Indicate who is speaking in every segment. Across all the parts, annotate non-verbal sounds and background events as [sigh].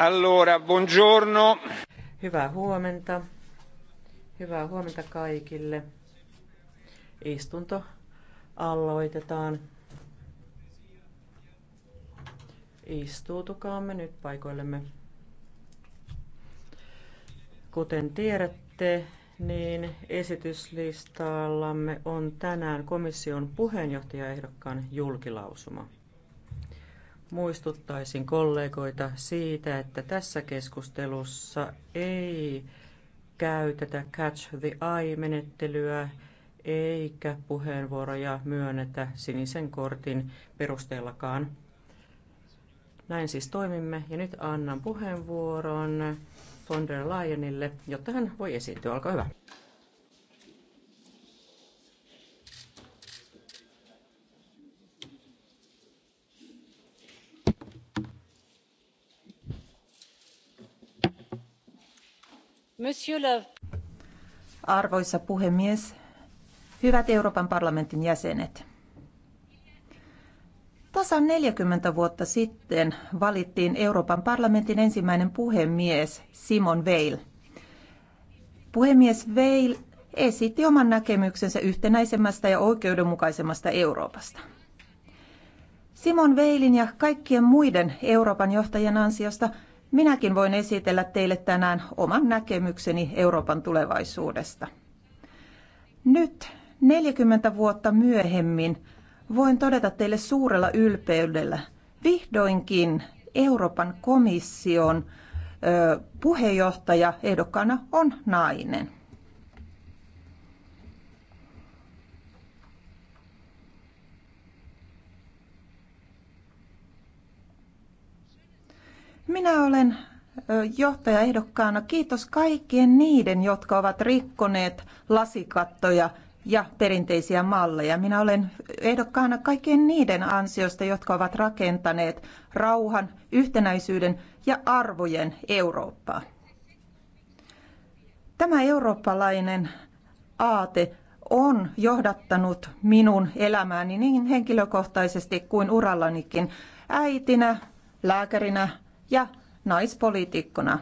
Speaker 1: Allora, buongiorno.
Speaker 2: Hyvää huomenta. Hyvää huomenta kaikille. Istunto aloitetaan. Istuutukaamme nyt paikoillemme. Kuten tiedätte, niin esityslistallamme on tänään komission puheenjohtajaehdokkaan julkilausuma muistuttaisin kollegoita siitä, että tässä keskustelussa ei käytetä catch the eye-menettelyä eikä puheenvuoroja myönnetä sinisen kortin perusteellakaan. Näin siis toimimme ja nyt annan puheenvuoron von der Leyenille, jotta hän voi esiintyä. Olkaa hyvä.
Speaker 3: Arvoisa puhemies, hyvät Euroopan parlamentin jäsenet. Tasan 40 vuotta sitten valittiin Euroopan parlamentin ensimmäinen puhemies Simon Veil. Puhemies Veil esitti oman näkemyksensä yhtenäisemmästä ja oikeudenmukaisemmasta Euroopasta. Simon Veilin ja kaikkien muiden Euroopan johtajien ansiosta – Minäkin voin esitellä teille tänään oman näkemykseni Euroopan tulevaisuudesta. Nyt 40 vuotta myöhemmin voin todeta teille suurella ylpeydellä, vihdoinkin Euroopan komission puheenjohtaja ehdokkaana on nainen. Minä olen johtajaehdokkaana. Kiitos kaikkien niiden, jotka ovat rikkoneet lasikattoja ja perinteisiä malleja. Minä olen ehdokkaana kaikkien niiden ansiosta, jotka ovat rakentaneet rauhan, yhtenäisyyden ja arvojen Eurooppaa. Tämä eurooppalainen aate on johdattanut minun elämääni niin henkilökohtaisesti kuin urallanikin äitinä, lääkärinä, ja naispoliitikkona.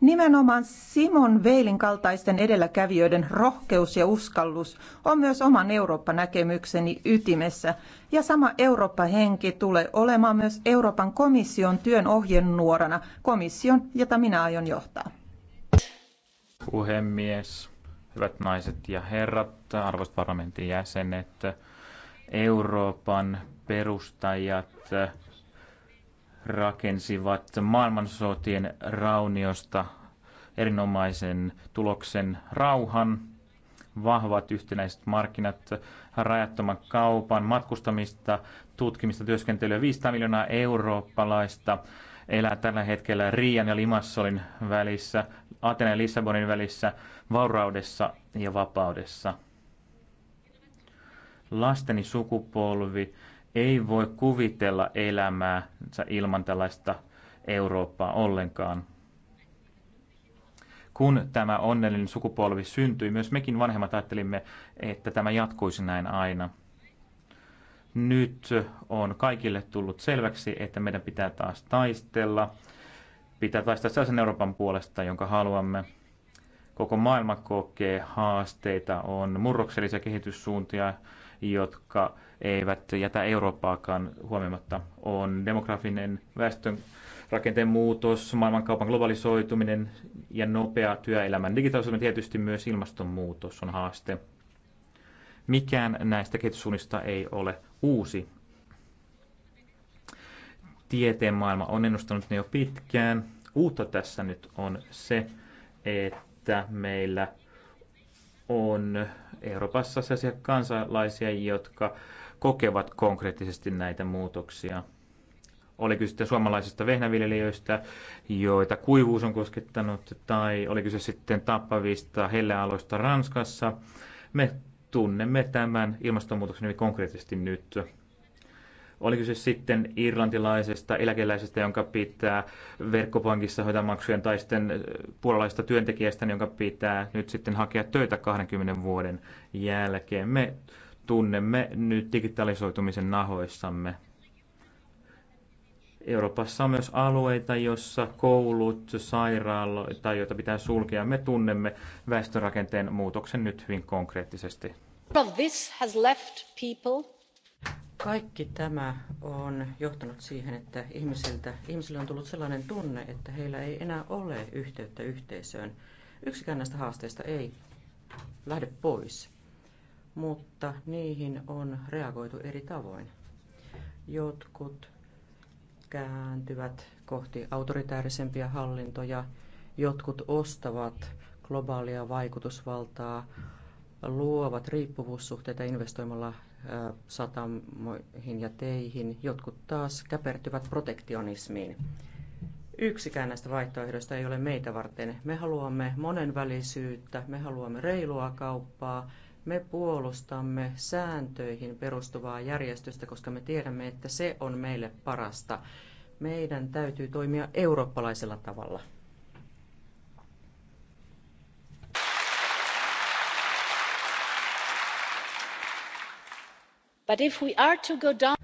Speaker 3: Nimenomaan Simon Veilin kaltaisten edelläkävijöiden rohkeus ja uskallus on myös oman Eurooppa-näkemykseni ytimessä. Ja sama Eurooppa-henki tulee olemaan myös Euroopan komission työn ohjenuorana, komission, jota minä aion johtaa.
Speaker 1: Puhemies, hyvät naiset ja herrat, arvoisat parlamentin jäsenet, Euroopan perustajat, rakensivat maailmansotien rauniosta erinomaisen tuloksen rauhan, vahvat yhtenäiset markkinat, rajattoman kaupan, matkustamista, tutkimista, työskentelyä. 500 miljoonaa eurooppalaista elää tällä hetkellä Riian ja Limassolin välissä, Atenan ja Lissabonin välissä, vauraudessa ja vapaudessa. Lasteni sukupolvi ei voi kuvitella elämäänsä ilman tällaista Eurooppaa ollenkaan. Kun tämä onnellinen sukupolvi syntyi, myös mekin vanhemmat ajattelimme, että tämä jatkuisi näin aina. Nyt on kaikille tullut selväksi, että meidän pitää taas taistella. Pitää taistella sellaisen Euroopan puolesta, jonka haluamme. Koko maailma kokee haasteita, on murroksellisia kehityssuuntia, jotka eivät jätä Eurooppaakaan huomimatta, on demografinen väestön rakenteen muutos, maailmankaupan globalisoituminen ja nopea työelämän digitaalisuuden tietysti myös ilmastonmuutos on haaste. Mikään näistä kehityssuunnista ei ole uusi. Tieteen maailma on ennustanut ne jo pitkään. Uutta tässä nyt on se, että meillä on Euroopassa sellaisia kansalaisia, jotka kokevat konkreettisesti näitä muutoksia. Oli kyse sitten suomalaisista vehnäviljelijöistä, joita kuivuus on koskettanut, tai oli kyse sitten tappavista hellealoista Ranskassa. Me tunnemme tämän ilmastonmuutoksen hyvin konkreettisesti nyt. Oliko se sitten irlantilaisesta eläkeläisestä, jonka pitää verkkopankissa hoitaa maksujen, tai sitten puolalaista työntekijästä, jonka pitää nyt sitten hakea töitä 20 vuoden jälkeen. Me tunnemme nyt digitalisoitumisen nahoissamme. Euroopassa on myös alueita, joissa koulut, sairaaloita, joita pitää sulkea. Me tunnemme väestörakenteen muutoksen nyt hyvin konkreettisesti.
Speaker 2: Well, this has left people kaikki tämä on johtanut siihen, että ihmisiltä, ihmisille on tullut sellainen tunne, että heillä ei enää ole yhteyttä yhteisöön. Yksikään näistä haasteista ei lähde pois, mutta niihin on reagoitu eri tavoin. Jotkut kääntyvät kohti autoritäärisempiä hallintoja, jotkut ostavat globaalia vaikutusvaltaa luovat riippuvuussuhteita investoimalla satamoihin ja teihin, jotkut taas käpertyvät protektionismiin. Yksikään näistä vaihtoehdoista ei ole meitä varten. Me haluamme monenvälisyyttä, me haluamme reilua kauppaa, me puolustamme sääntöihin perustuvaa järjestystä, koska me tiedämme, että se on meille parasta. Meidän täytyy toimia eurooppalaisella tavalla.
Speaker 3: But if we are to go down...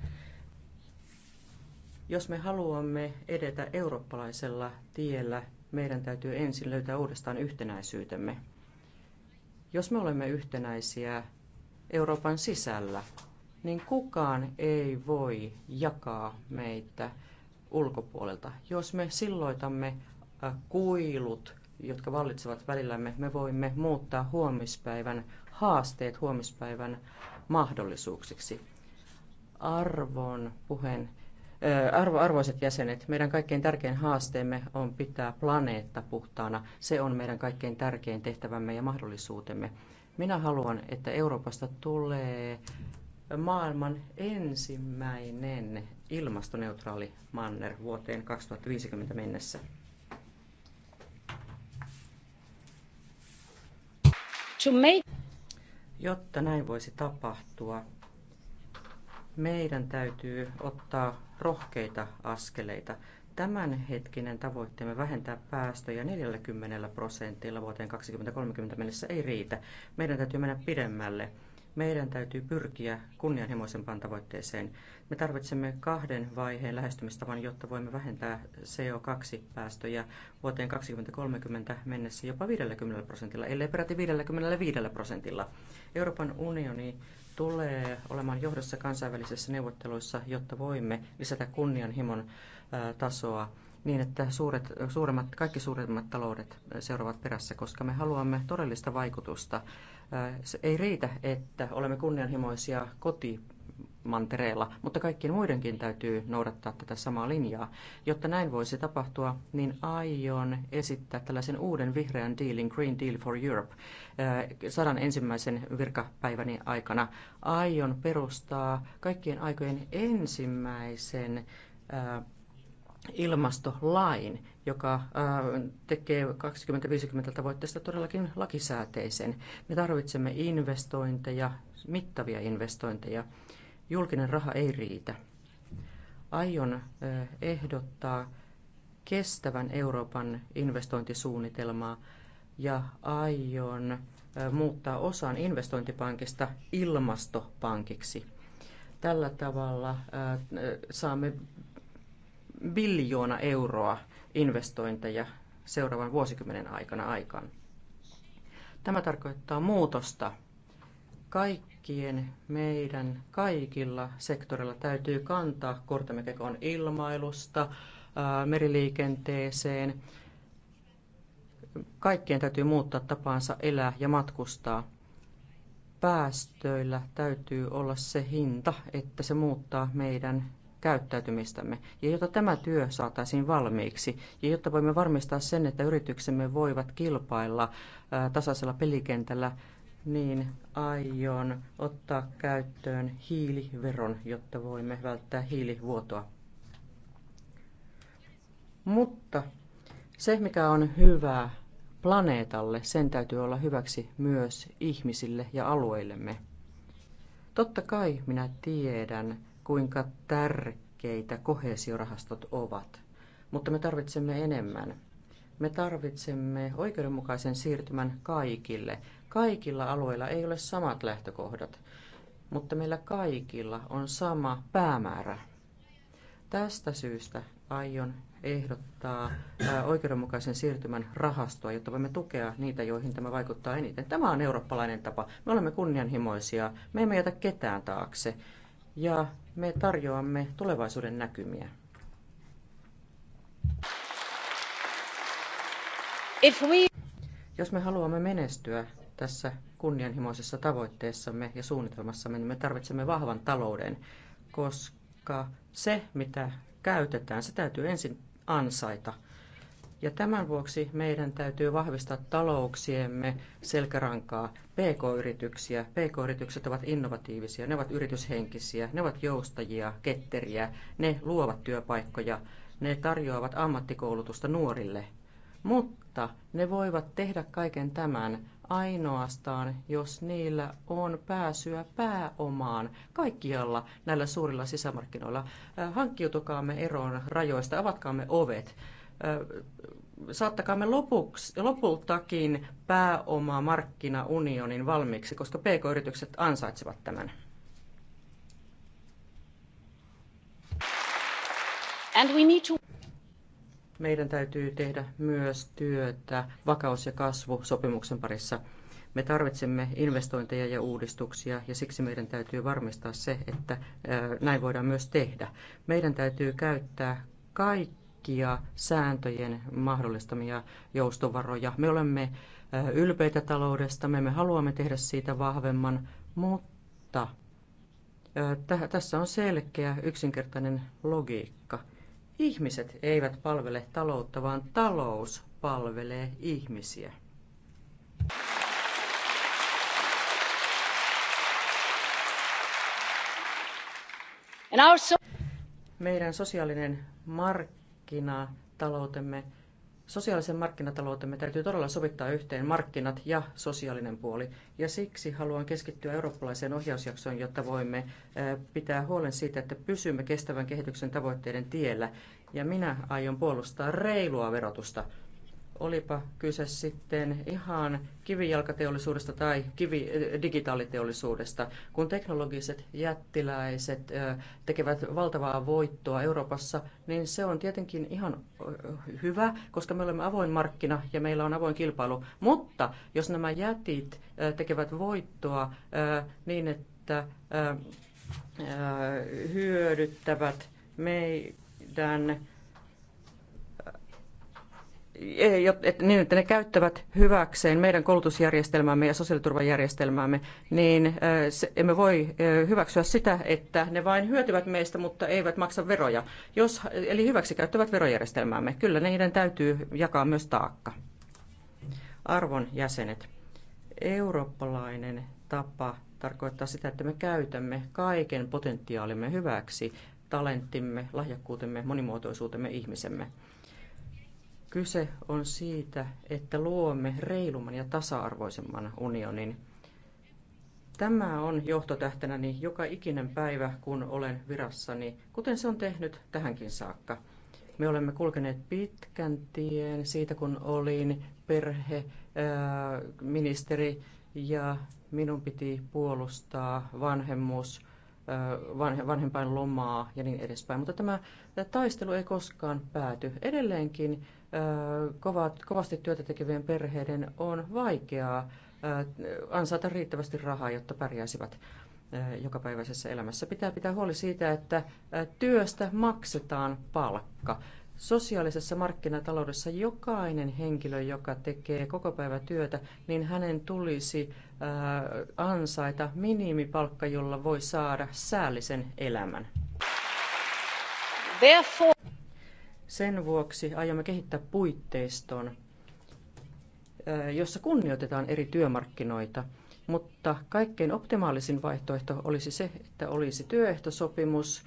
Speaker 2: Jos me haluamme edetä eurooppalaisella tiellä, meidän täytyy ensin löytää uudestaan yhtenäisyytemme. Jos me olemme yhtenäisiä Euroopan sisällä, niin kukaan ei voi jakaa meitä ulkopuolelta. Jos me silloitamme äh, kuilut, jotka vallitsevat välillämme, me voimme muuttaa huomispäivän haasteet, huomispäivän mahdollisuuksiksi. Arvon puheen, arvo, arvoiset jäsenet, meidän kaikkein tärkein haasteemme on pitää planeetta puhtaana. Se on meidän kaikkein tärkein tehtävämme ja mahdollisuutemme. Minä haluan, että Euroopasta tulee maailman ensimmäinen ilmastoneutraali manner vuoteen 2050 mennessä. To make Jotta näin voisi tapahtua, meidän täytyy ottaa rohkeita askeleita. Tämänhetkinen tavoitteemme vähentää päästöjä 40 prosentilla vuoteen 2030 mennessä ei riitä. Meidän täytyy mennä pidemmälle. Meidän täytyy pyrkiä kunnianhimoisempaan tavoitteeseen. Me tarvitsemme kahden vaiheen lähestymistavan, jotta voimme vähentää CO2-päästöjä vuoteen 2030 mennessä jopa 50 prosentilla, ellei peräti 55 prosentilla. Euroopan unioni tulee olemaan johdossa kansainvälisissä neuvotteluissa, jotta voimme lisätä kunnianhimon tasoa niin, että suuret, suuremmat, kaikki suuremmat taloudet seuraavat perässä, koska me haluamme todellista vaikutusta. Se ei riitä, että olemme kunnianhimoisia koti mantereella, mutta kaikkien muidenkin täytyy noudattaa tätä samaa linjaa. Jotta näin voisi tapahtua, niin aion esittää tällaisen uuden vihreän dealin, Green Deal for Europe, eh, sadan ensimmäisen virkapäiväni aikana. Aion perustaa kaikkien aikojen ensimmäisen eh, ilmastolain, joka eh, tekee 2050 tavoitteesta todellakin lakisääteisen. Me tarvitsemme investointeja, mittavia investointeja julkinen raha ei riitä. Aion ehdottaa kestävän Euroopan investointisuunnitelmaa ja aion muuttaa osan investointipankista ilmastopankiksi. Tällä tavalla saamme biljoona euroa investointeja seuraavan vuosikymmenen aikana aikaan. Tämä tarkoittaa muutosta. Kaikki kaikkien meidän kaikilla sektoreilla täytyy kantaa kortemme kekoon ilmailusta, meriliikenteeseen. Kaikkien täytyy muuttaa tapaansa elää ja matkustaa. Päästöillä täytyy olla se hinta, että se muuttaa meidän käyttäytymistämme. Ja jotta tämä työ saataisiin valmiiksi ja jotta voimme varmistaa sen, että yrityksemme voivat kilpailla tasaisella pelikentällä, niin aion ottaa käyttöön hiiliveron, jotta voimme välttää hiilivuotoa. Mutta se, mikä on hyvää planeetalle, sen täytyy olla hyväksi myös ihmisille ja alueillemme. Totta kai minä tiedän, kuinka tärkeitä kohesiorahastot ovat, mutta me tarvitsemme enemmän. Me tarvitsemme oikeudenmukaisen siirtymän kaikille, Kaikilla alueilla ei ole samat lähtökohdat, mutta meillä kaikilla on sama päämäärä. Tästä syystä aion ehdottaa oikeudenmukaisen siirtymän rahastoa, jotta voimme tukea niitä, joihin tämä vaikuttaa eniten. Tämä on eurooppalainen tapa. Me olemme kunnianhimoisia, me emme jätä ketään taakse ja me tarjoamme tulevaisuuden näkymiä. If we... Jos me haluamme menestyä, tässä kunnianhimoisessa tavoitteessamme ja suunnitelmassamme, niin me tarvitsemme vahvan talouden, koska se, mitä käytetään, se täytyy ensin ansaita. Ja tämän vuoksi meidän täytyy vahvistaa talouksiemme selkärankaa, pk-yrityksiä. Pk-yritykset ovat innovatiivisia, ne ovat yrityshenkisiä, ne ovat joustajia, ketteriä, ne luovat työpaikkoja, ne tarjoavat ammattikoulutusta nuorille. Mutta ne voivat tehdä kaiken tämän ainoastaan, jos niillä on pääsyä pääomaan kaikkialla näillä suurilla sisämarkkinoilla. Äh, hankkiutukaamme eroon rajoista, avatkaamme ovet. Äh, saattakaamme lopuksi, lopultakin pääoma markkinaunionin valmiiksi, koska pk-yritykset ansaitsevat tämän. And we need to meidän täytyy tehdä myös työtä vakaus- ja kasvusopimuksen parissa. Me tarvitsemme investointeja ja uudistuksia ja siksi meidän täytyy varmistaa se, että näin voidaan myös tehdä. Meidän täytyy käyttää kaikkia sääntöjen mahdollistamia joustovaroja. Me olemme ylpeitä taloudesta, me haluamme tehdä siitä vahvemman, mutta tässä on selkeä yksinkertainen logiikka – Ihmiset eivät palvele taloutta, vaan talous palvelee ihmisiä. Meidän sosiaalinen markkinataloutemme Sosiaalisen markkinataloutemme täytyy todella sovittaa yhteen markkinat ja sosiaalinen puoli, ja siksi haluan keskittyä eurooppalaiseen ohjausjaksoon, jotta voimme pitää huolen siitä, että pysymme kestävän kehityksen tavoitteiden tiellä. Ja minä aion puolustaa reilua verotusta olipa kyse sitten ihan kivijalkateollisuudesta tai kivi, eh, digitaaliteollisuudesta, kun teknologiset jättiläiset eh, tekevät valtavaa voittoa Euroopassa, niin se on tietenkin ihan eh, hyvä, koska me olemme avoin markkina ja meillä on avoin kilpailu. Mutta jos nämä jätit tekevät voittoa niin, että hyödyttävät meidän että niin, että ne käyttävät hyväkseen meidän koulutusjärjestelmäämme ja sosiaaliturvajärjestelmäämme, niin emme voi hyväksyä sitä, että ne vain hyötyvät meistä, mutta eivät maksa veroja. Jos, eli hyväksi käyttävät verojärjestelmäämme. Kyllä niiden täytyy jakaa myös taakka. Arvon jäsenet. Eurooppalainen tapa tarkoittaa sitä, että me käytämme kaiken potentiaalimme hyväksi, talenttimme, lahjakkuutemme, monimuotoisuutemme, ihmisemme. Kyse on siitä, että luomme reilumman ja tasa-arvoisemman unionin. Tämä on johtotähtenäni joka ikinen päivä, kun olen virassani, kuten se on tehnyt tähänkin saakka. Me olemme kulkeneet pitkän tien siitä, kun olin perheministeri äh, ja minun piti puolustaa vanhemmuus, äh, vanhempain lomaa ja niin edespäin. Mutta tämä taistelu ei koskaan pääty. Edelleenkin kovat, kovasti työtä tekevien perheiden on vaikeaa ansaita riittävästi rahaa, jotta pärjäisivät jokapäiväisessä elämässä. Pitää pitää huoli siitä, että työstä maksetaan palkka. Sosiaalisessa markkinataloudessa jokainen henkilö, joka tekee koko päivä työtä, niin hänen tulisi ansaita minimipalkka, jolla voi saada säällisen elämän. Therefore... Sen vuoksi aiomme kehittää puitteiston, jossa kunnioitetaan eri työmarkkinoita, mutta kaikkein optimaalisin vaihtoehto olisi se, että olisi työehtosopimus,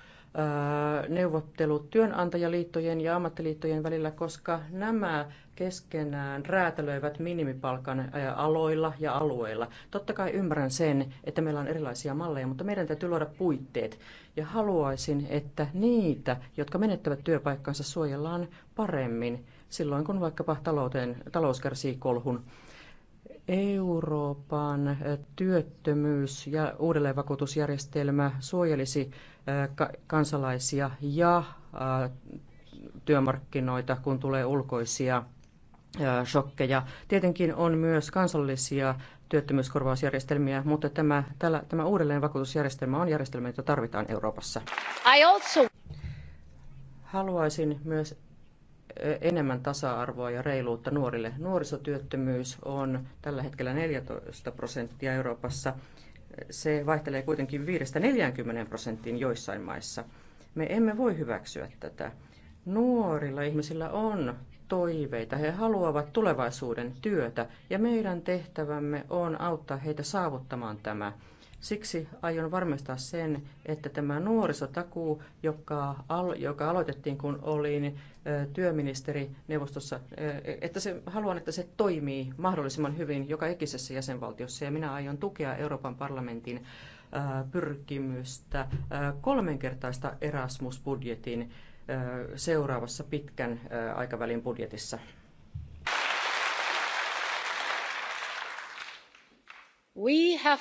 Speaker 2: neuvottelut työnantajaliittojen ja ammattiliittojen välillä, koska nämä keskenään räätälöivät minimipalkan aloilla ja alueilla. Totta kai ymmärrän sen, että meillä on erilaisia malleja, mutta meidän täytyy luoda puitteet. Ja haluaisin, että niitä, jotka menettävät työpaikkansa, suojellaan paremmin silloin, kun vaikkapa talouteen, talous kärsii kolhun. Euroopan työttömyys- ja uudelleenvakuutusjärjestelmä suojelisi kansalaisia ja työmarkkinoita, kun tulee ulkoisia shokkeja. Tietenkin on myös kansallisia työttömyyskorvausjärjestelmiä, mutta tämä, tällä, tämä vakuutusjärjestelmä on järjestelmä, jota tarvitaan Euroopassa. I also... Haluaisin myös enemmän tasa-arvoa ja reiluutta nuorille. Nuorisotyöttömyys on tällä hetkellä 14 prosenttia Euroopassa. Se vaihtelee kuitenkin 5-40 prosenttiin joissain maissa. Me emme voi hyväksyä tätä. Nuorilla ihmisillä on toiveita, he haluavat tulevaisuuden työtä ja meidän tehtävämme on auttaa heitä saavuttamaan tämä. Siksi aion varmistaa sen, että tämä nuorisotakuu, joka, al, joka aloitettiin kun olin työministeri neuvostossa, että se, haluan, että se toimii mahdollisimman hyvin joka ikisessä jäsenvaltiossa ja minä aion tukea Euroopan parlamentin pyrkimystä kolmenkertaista Erasmus-budjetin seuraavassa pitkän aikavälin budjetissa. We have...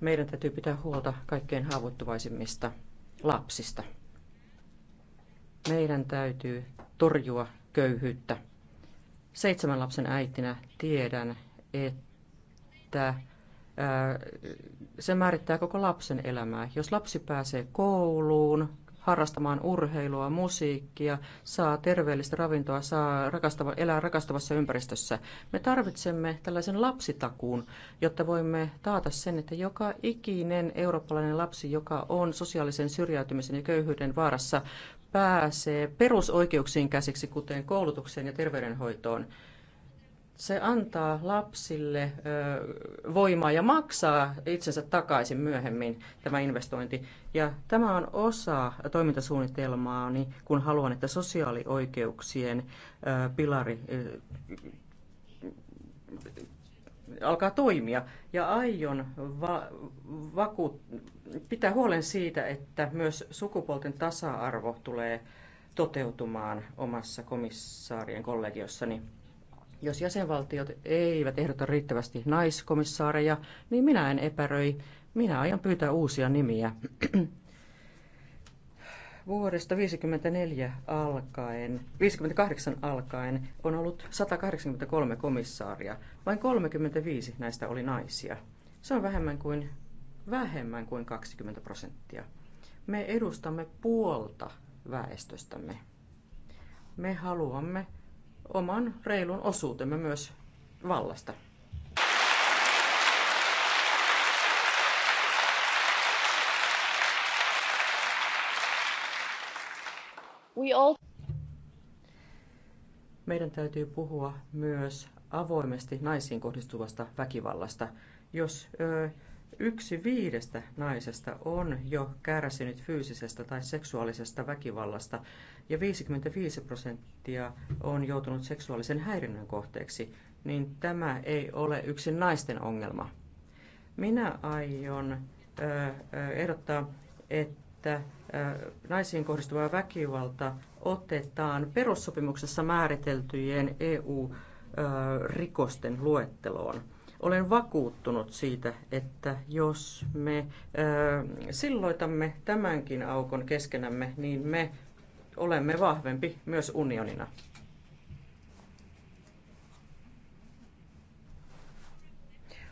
Speaker 2: Meidän täytyy pitää huolta kaikkein haavoittuvaisimmista lapsista. Meidän täytyy torjua köyhyyttä. Seitsemän lapsen äitinä tiedän, että se määrittää koko lapsen elämää. Jos lapsi pääsee kouluun, harrastamaan urheilua, musiikkia, saa terveellistä ravintoa, saa rakastava, elää rakastavassa ympäristössä. Me tarvitsemme tällaisen lapsitakuun, jotta voimme taata sen, että joka ikinen eurooppalainen lapsi, joka on sosiaalisen syrjäytymisen ja köyhyyden vaarassa, pääsee perusoikeuksiin käsiksi, kuten koulutukseen ja terveydenhoitoon se antaa lapsille voimaa ja maksaa itsensä takaisin myöhemmin tämä investointi. Ja tämä on osa toimintasuunnitelmaani, kun haluan, että sosiaalioikeuksien pilari alkaa toimia. Ja aion va- vaku- pitää huolen siitä, että myös sukupuolten tasa-arvo tulee toteutumaan omassa komissaarien kollegiossani. Jos jäsenvaltiot eivät ehdota riittävästi naiskomissaareja, niin minä en epäröi. Minä aion pyytää uusia nimiä. [clears throat] Vuodesta 54 alkaen, 58 alkaen on ollut 183 komissaaria. Vain 35 näistä oli naisia. Se on vähemmän kuin, vähemmän kuin 20 prosenttia. Me edustamme puolta väestöstämme. Me haluamme oman reilun osuutemme myös vallasta. Meidän täytyy puhua myös avoimesti naisiin kohdistuvasta väkivallasta. Jos ö, yksi viidestä naisesta on jo kärsinyt fyysisestä tai seksuaalisesta väkivallasta, ja 55 prosenttia on joutunut seksuaalisen häirinnän kohteeksi, niin tämä ei ole yksin naisten ongelma. Minä aion ehdottaa, että naisiin kohdistuva väkivalta otetaan perussopimuksessa määriteltyjen EU-rikosten luetteloon. Olen vakuuttunut siitä, että jos me silloitamme tämänkin aukon keskenämme, niin me olemme vahvempi myös unionina.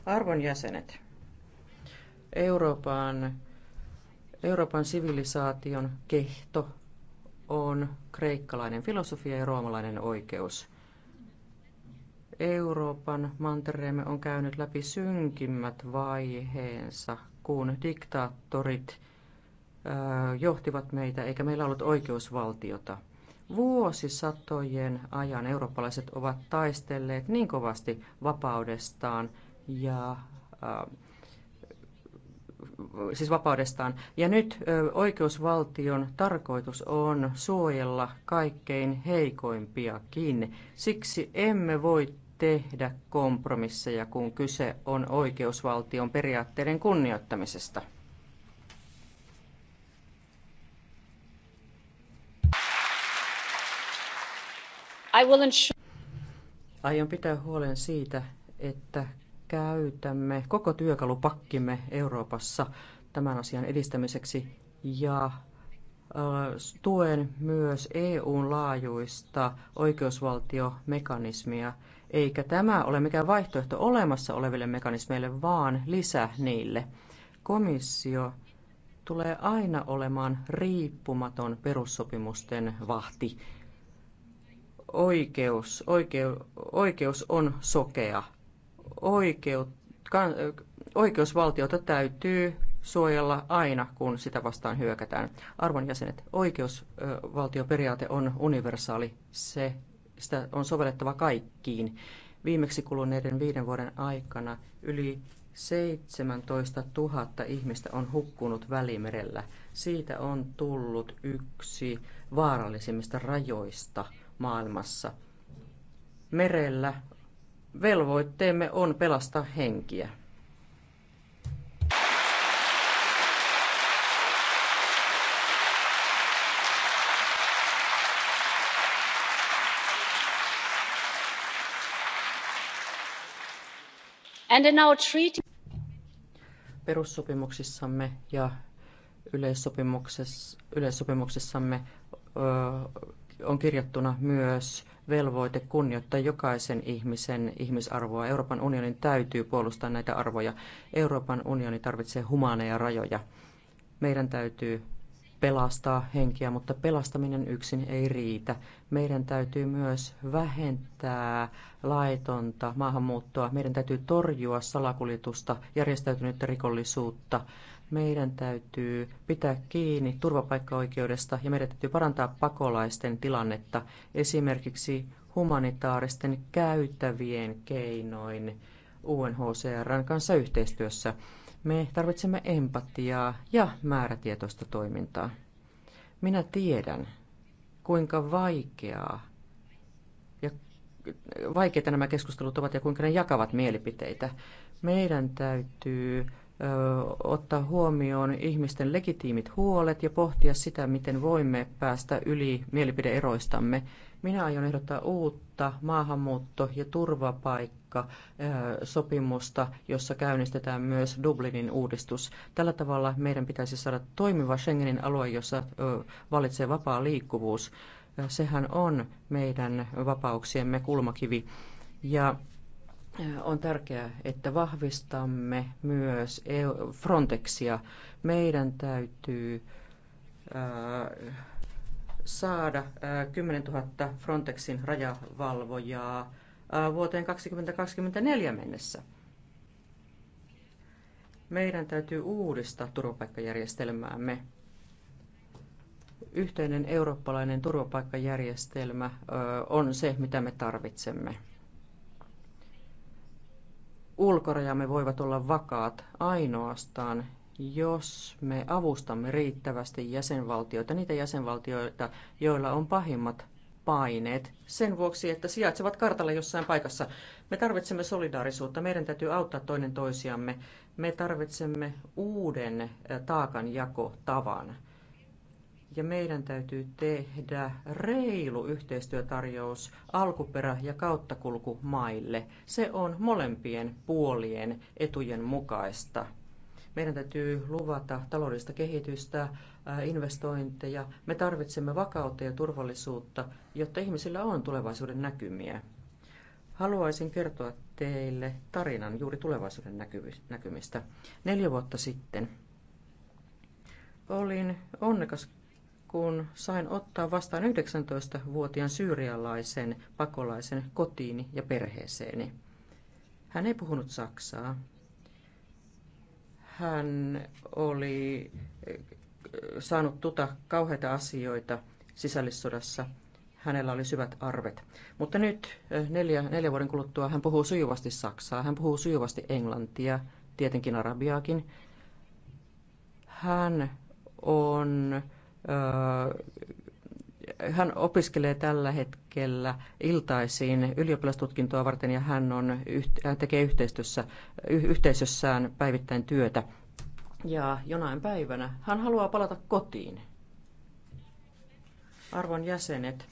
Speaker 2: Arvon jäsenet, Euroopan, Euroopan sivilisaation kehto on kreikkalainen filosofia ja roomalainen oikeus. Euroopan mantereemme on käynyt läpi synkimmät vaiheensa, kun diktaattorit – johtivat meitä, eikä meillä ollut oikeusvaltiota. Vuosisatojen ajan eurooppalaiset ovat taistelleet niin kovasti vapaudestaan ja siis vapaudestaan. Ja nyt oikeusvaltion tarkoitus on suojella kaikkein heikoimpiakin. Siksi emme voi tehdä kompromisseja, kun kyse on oikeusvaltion periaatteiden kunnioittamisesta. Aion pitää huolen siitä, että käytämme koko työkalupakkimme Euroopassa tämän asian edistämiseksi ja tuen myös EUn laajuista oikeusvaltiomekanismia, eikä tämä ole mikään vaihtoehto olemassa oleville mekanismeille, vaan lisä niille. Komissio tulee aina olemaan riippumaton perussopimusten vahti oikeus, oikeu, oikeus on sokea. Oikeut, kan, oikeusvaltiota täytyy suojella aina, kun sitä vastaan hyökätään. Arvon jäsenet, oikeusvaltioperiaate on universaali. Se, sitä on sovellettava kaikkiin. Viimeksi kuluneiden viiden vuoden aikana yli 17 000 ihmistä on hukkunut Välimerellä. Siitä on tullut yksi vaarallisimmista rajoista – maailmassa. Merellä velvoitteemme on pelastaa henkiä. And in our treaty... Perussopimuksissamme ja yleissopimuksessamme ö, on kirjattuna myös velvoite kunnioittaa jokaisen ihmisen ihmisarvoa. Euroopan unionin täytyy puolustaa näitä arvoja. Euroopan unioni tarvitsee humaaneja rajoja. Meidän täytyy pelastaa henkiä, mutta pelastaminen yksin ei riitä. Meidän täytyy myös vähentää laitonta maahanmuuttoa. Meidän täytyy torjua salakuljetusta, järjestäytynyttä rikollisuutta, meidän täytyy pitää kiinni turvapaikkaoikeudesta ja meidän täytyy parantaa pakolaisten tilannetta esimerkiksi humanitaaristen käytävien keinoin UNHCRn kanssa yhteistyössä. Me tarvitsemme empatiaa ja määrätietoista toimintaa. Minä tiedän, kuinka vaikeaa ja vaikeita nämä keskustelut ovat ja kuinka ne jakavat mielipiteitä. Meidän täytyy ottaa huomioon ihmisten legitiimit huolet ja pohtia sitä, miten voimme päästä yli mielipideeroistamme. Minä aion ehdottaa uutta maahanmuutto- ja turvapaikkasopimusta, jossa käynnistetään myös Dublinin uudistus. Tällä tavalla meidän pitäisi saada toimiva Schengenin alue, jossa valitsee vapaa liikkuvuus. Sehän on meidän vapauksiemme kulmakivi. Ja on tärkeää, että vahvistamme myös e Frontexia. Meidän täytyy saada 10 000 Frontexin rajavalvojaa vuoteen 2024 mennessä. Meidän täytyy uudistaa turvapaikkajärjestelmäämme. Yhteinen eurooppalainen turvapaikkajärjestelmä on se, mitä me tarvitsemme ulkorajamme voivat olla vakaat ainoastaan, jos me avustamme riittävästi jäsenvaltioita, niitä jäsenvaltioita, joilla on pahimmat paineet sen vuoksi, että sijaitsevat kartalla jossain paikassa. Me tarvitsemme solidaarisuutta, meidän täytyy auttaa toinen toisiamme. Me tarvitsemme uuden taakanjakotavan ja meidän täytyy tehdä reilu yhteistyötarjous alkuperä- ja kauttakulkumaille. Se on molempien puolien etujen mukaista. Meidän täytyy luvata taloudellista kehitystä, äh, investointeja. Me tarvitsemme vakautta ja turvallisuutta, jotta ihmisillä on tulevaisuuden näkymiä. Haluaisin kertoa teille tarinan juuri tulevaisuuden näkymistä. Neljä vuotta sitten olin onnekas kun sain ottaa vastaan 19-vuotiaan syyrialaisen pakolaisen kotiini ja perheeseeni. Hän ei puhunut saksaa. Hän oli eh, saanut tuta kauheita asioita sisällissodassa. Hänellä oli syvät arvet. Mutta nyt eh, neljä, neljä vuoden kuluttua hän puhuu sujuvasti saksaa, hän puhuu sujuvasti englantia, tietenkin arabiaakin. Hän on hän opiskelee tällä hetkellä iltaisiin ylioppilastutkintoa varten ja hän, on, hän tekee yhteistyössä, yhteisössään päivittäin työtä. Ja jonain päivänä hän haluaa palata kotiin. Arvon jäsenet,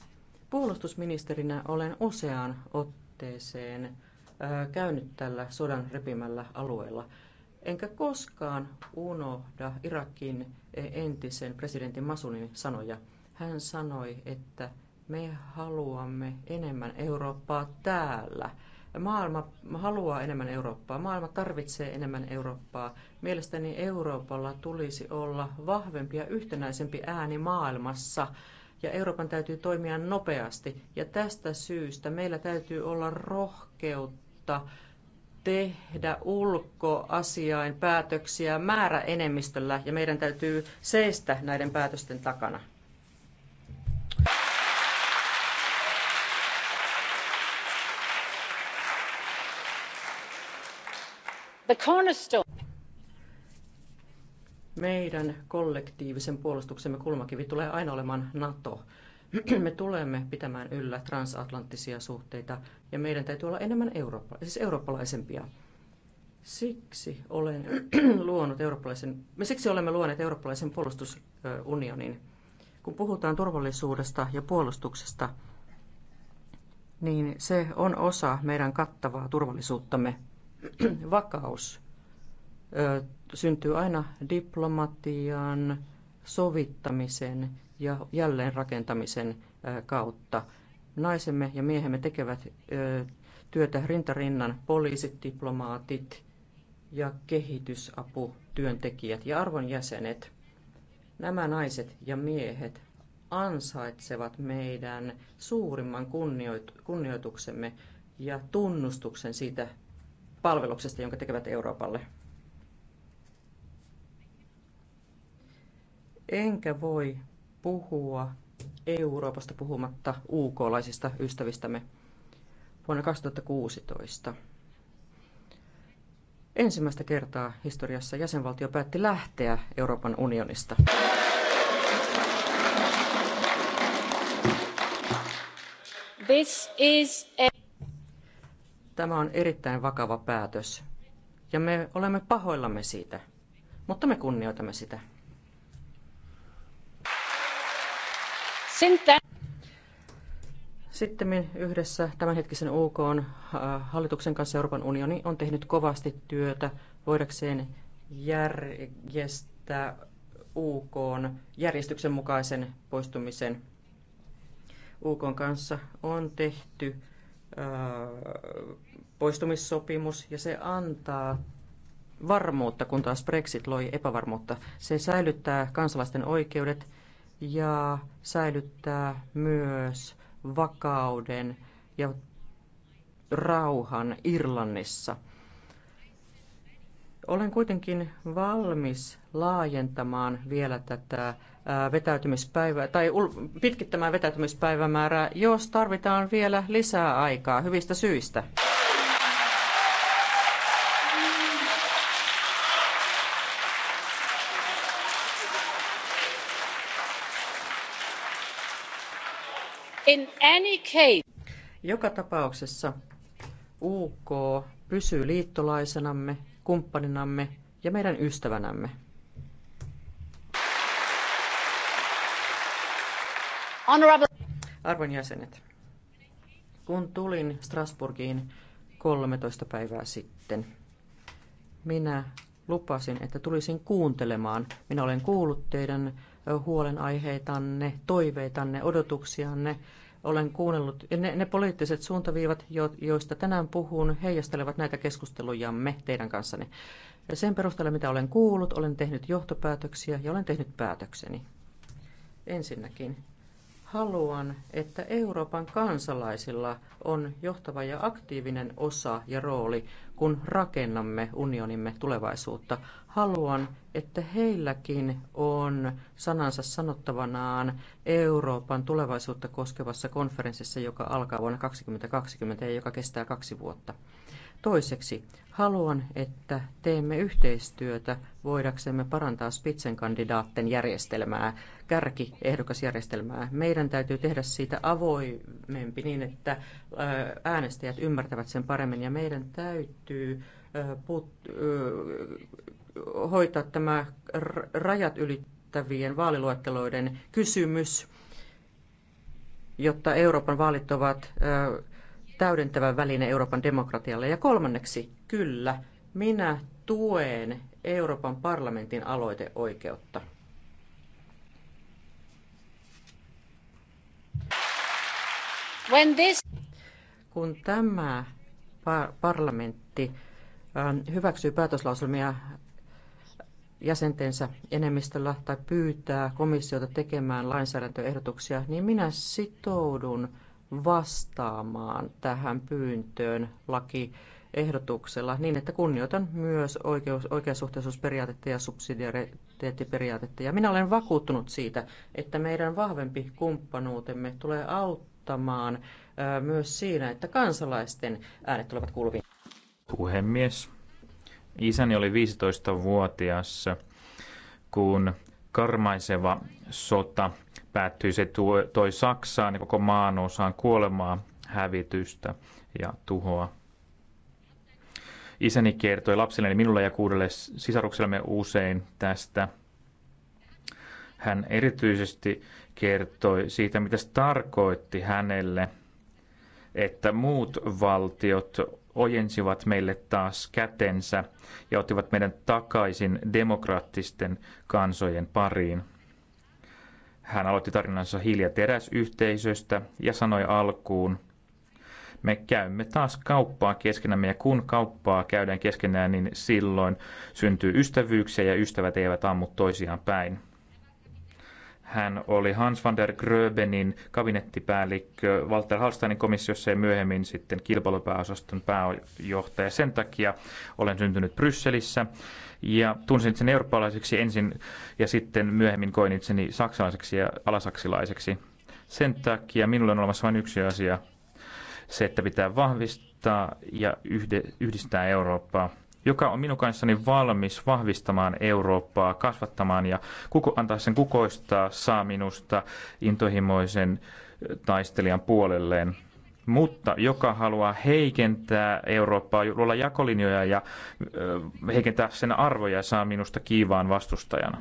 Speaker 2: puolustusministerinä olen useaan otteeseen käynyt tällä sodan repimällä alueella. Enkä koskaan unohda Irakin e, entisen presidentin Masunin sanoja. Hän sanoi, että me haluamme enemmän Eurooppaa täällä. Maailma haluaa enemmän Eurooppaa, maailma tarvitsee enemmän Eurooppaa. Mielestäni Euroopalla tulisi olla vahvempi ja yhtenäisempi ääni maailmassa ja Euroopan täytyy toimia nopeasti. Ja tästä syystä meillä täytyy olla rohkeutta tehdä ulkoasiain päätöksiä määräenemmistöllä ja meidän täytyy seistä näiden päätösten takana. The cornerstone. Meidän kollektiivisen puolustuksemme kulmakivi tulee aina olemaan NATO. Me tulemme pitämään yllä transatlanttisia suhteita ja meidän täytyy olla enemmän eurooppa, siis eurooppalaisempia. Siksi olen [clears throat] luonut eurooppalaisen, me siksi olemme luoneet eurooppalaisen puolustusunionin. Kun puhutaan turvallisuudesta ja puolustuksesta, niin se on osa meidän kattavaa turvallisuuttamme. [clears throat] Vakaus syntyy aina diplomatian, sovittamisen ja jälleenrakentamisen kautta. Naisemme ja miehemme tekevät työtä rintarinnan poliisit, diplomaatit ja kehitysaputyöntekijät ja arvon jäsenet. Nämä naiset ja miehet ansaitsevat meidän suurimman kunnioituksemme ja tunnustuksen siitä palveluksesta, jonka tekevät Euroopalle. Enkä voi puhua Euroopasta puhumatta UK-laisista ystävistämme vuonna 2016. Ensimmäistä kertaa historiassa jäsenvaltio päätti lähteä Euroopan unionista. This is a... Tämä on erittäin vakava päätös ja me olemme pahoillamme siitä, mutta me kunnioitamme sitä. Sitten yhdessä tämänhetkisen UK äh, hallituksen kanssa Euroopan unioni on tehnyt kovasti työtä voidakseen järjestää UK järjestyksen mukaisen poistumisen. UK kanssa on tehty äh, poistumissopimus ja se antaa varmuutta, kun taas Brexit loi epävarmuutta. Se säilyttää kansalaisten oikeudet ja säilyttää myös vakauden ja rauhan Irlannissa. Olen kuitenkin valmis laajentamaan vielä tätä vetäytymispäivää tai pitkittämään vetäytymispäivämäärää, jos tarvitaan vielä lisää aikaa hyvistä syistä.
Speaker 3: In any
Speaker 2: case. Joka tapauksessa UK pysyy liittolaisenamme, kumppaninamme ja meidän ystävänämme. Arvon jäsenet, kun tulin Strasburgiin 13 päivää sitten, minä lupasin, että tulisin kuuntelemaan. Minä olen kuullut teidän huolenaiheitanne, toiveitanne, odotuksianne. Olen kuunnellut, ne, ne poliittiset suuntaviivat, jo, joista tänään puhun, heijastelevat näitä keskustelujamme teidän kanssanne. Ja sen perusteella, mitä olen kuullut, olen tehnyt johtopäätöksiä ja olen tehnyt päätökseni. Ensinnäkin haluan, että Euroopan kansalaisilla on johtava ja aktiivinen osa ja rooli kun rakennamme unionimme tulevaisuutta. Haluan, että heilläkin on sanansa sanottavanaan Euroopan tulevaisuutta koskevassa konferenssissa, joka alkaa vuonna 2020 ja joka kestää kaksi vuotta. Toiseksi, haluan, että teemme yhteistyötä voidaksemme parantaa Spitzenkandidaatten järjestelmää, kärkiehdokasjärjestelmää. Meidän täytyy tehdä siitä avoimempi niin, että äänestäjät ymmärtävät sen paremmin ja meidän täytyy put- hoitaa tämä rajat ylittävien vaaliluetteloiden kysymys, jotta Euroopan vaalit ovat täydentävä väline Euroopan demokratialle. Ja kolmanneksi, kyllä, minä tuen Euroopan parlamentin aloiteoikeutta. When this... Kun tämä par- parlamentti ähm, hyväksyy päätöslauselmia äh, jäsentensä enemmistöllä tai pyytää komissiota tekemään lainsäädäntöehdotuksia, niin minä sitoudun vastaamaan tähän pyyntöön lakiehdotuksella niin, että kunnioitan myös oikeus, oikeasuhteisuusperiaatetta ja subsidiariteettiperiaatetta. Ja minä olen vakuuttunut siitä, että meidän vahvempi kumppanuutemme tulee auttamaan myös siinä, että kansalaisten äänet tulevat kuuluviin.
Speaker 1: Puhemies. Isäni oli 15-vuotias, kun karmaiseva sota päättyi, se toi Saksaan ja koko maan osaan kuolemaa, hävitystä ja tuhoa. Isäni kertoi lapsilleni minulle ja kuudelle sisaruksellemme usein tästä. Hän erityisesti kertoi siitä, mitä se tarkoitti hänelle, että muut valtiot ojensivat meille taas kätensä ja ottivat meidän takaisin demokraattisten kansojen pariin – hän aloitti tarinansa hiljateräsyhteisöstä ja sanoi alkuun, me käymme taas kauppaa keskenämme ja kun kauppaa käydään keskenään, niin silloin syntyy ystävyyksiä ja ystävät eivät ammu toisiaan päin. Hän oli Hans van der Gröbenin kabinettipäällikkö Walter Hallsteinin komissiossa ja myöhemmin sitten kilpailupääosaston pääjohtaja. Sen takia olen syntynyt Brysselissä ja tunsin itseni eurooppalaiseksi ensin ja sitten myöhemmin koin itseni saksalaiseksi ja alasaksilaiseksi. Sen takia minulle on olemassa vain yksi asia, se, että pitää vahvistaa ja yhdistää Eurooppaa joka on minun kanssani valmis vahvistamaan Eurooppaa, kasvattamaan ja kuku, antaa sen kukoistaa, saa minusta intohimoisen taistelijan puolelleen mutta joka haluaa heikentää Eurooppaa, luolla jakolinjoja ja heikentää sen arvoja, saa minusta kiivaan vastustajana.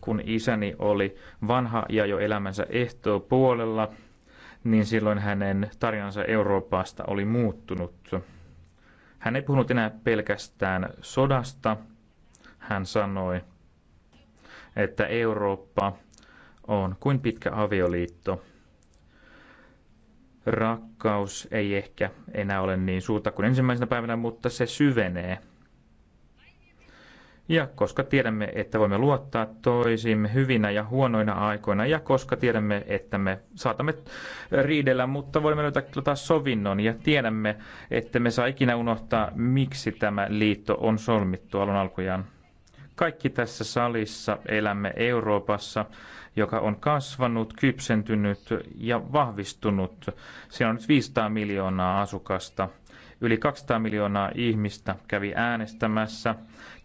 Speaker 1: Kun isäni oli vanha ja jo elämänsä ehtoo puolella, niin silloin hänen tarinansa Euroopasta oli muuttunut. Hän ei puhunut enää pelkästään sodasta. Hän sanoi, että Eurooppa on kuin pitkä avioliitto. Rakkaus ei ehkä enää ole niin suurta kuin ensimmäisenä päivänä, mutta se syvenee ja koska tiedämme, että voimme luottaa toisiimme hyvinä ja huonoina aikoina, ja koska tiedämme, että me saatamme riidellä, mutta voimme löytää taas sovinnon, ja tiedämme, että me saa ikinä unohtaa, miksi tämä liitto on solmittu alun alkujaan. Kaikki tässä salissa elämme Euroopassa, joka on kasvanut, kypsentynyt ja vahvistunut. Siinä on nyt 500 miljoonaa asukasta. Yli 200 miljoonaa ihmistä kävi äänestämässä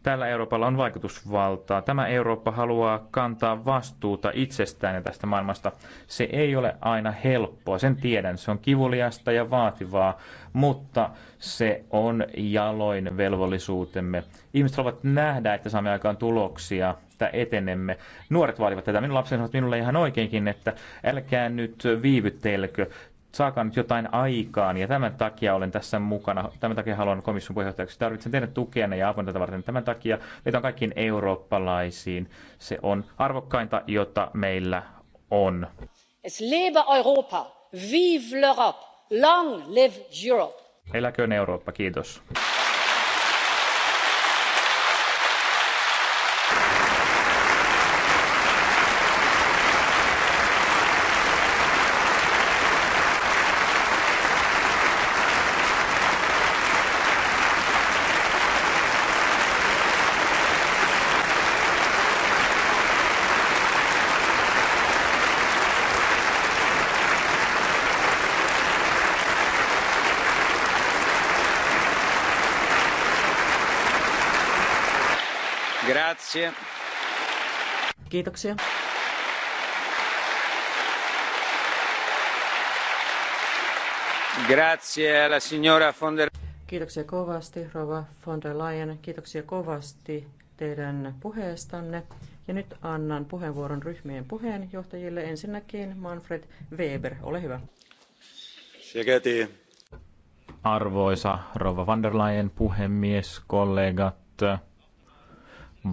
Speaker 1: Tällä Euroopalla on vaikutusvaltaa. Tämä Eurooppa haluaa kantaa vastuuta itsestään ja tästä maailmasta. Se ei ole aina helppoa, sen tiedän. Se on kivuliasta ja vaativaa, mutta se on jaloin velvollisuutemme. Ihmiset haluavat nähdä, että saamme aikaan tuloksia, että etenemme. Nuoret vaativat tätä. Minun lapseni sanovat minulle ihan oikeinkin, että älkää nyt viivyttelkö saakaan nyt jotain aikaan. Ja tämän takia olen tässä mukana. Tämän takia haluan komission puheenjohtajaksi. Tarvitsen teidän tukenne ja avun tätä varten. Tämän takia vetoan kaikkiin eurooppalaisiin. Se on arvokkainta, jota meillä on.
Speaker 2: Es lebe Europa! Vive l'Europe! Long live Europe!
Speaker 1: Eläköön Eurooppa, kiitos.
Speaker 2: Grazie. Kiitoksia.
Speaker 1: Grazie alla signora von der...
Speaker 2: Kiitoksia kovasti, Rova von der Leyen. Kiitoksia kovasti teidän puheestanne. Ja nyt annan puheenvuoron ryhmien puheenjohtajille. Ensinnäkin Manfred Weber, ole hyvä.
Speaker 1: Arvoisa Rova van der Leyen, puhemies, kollegat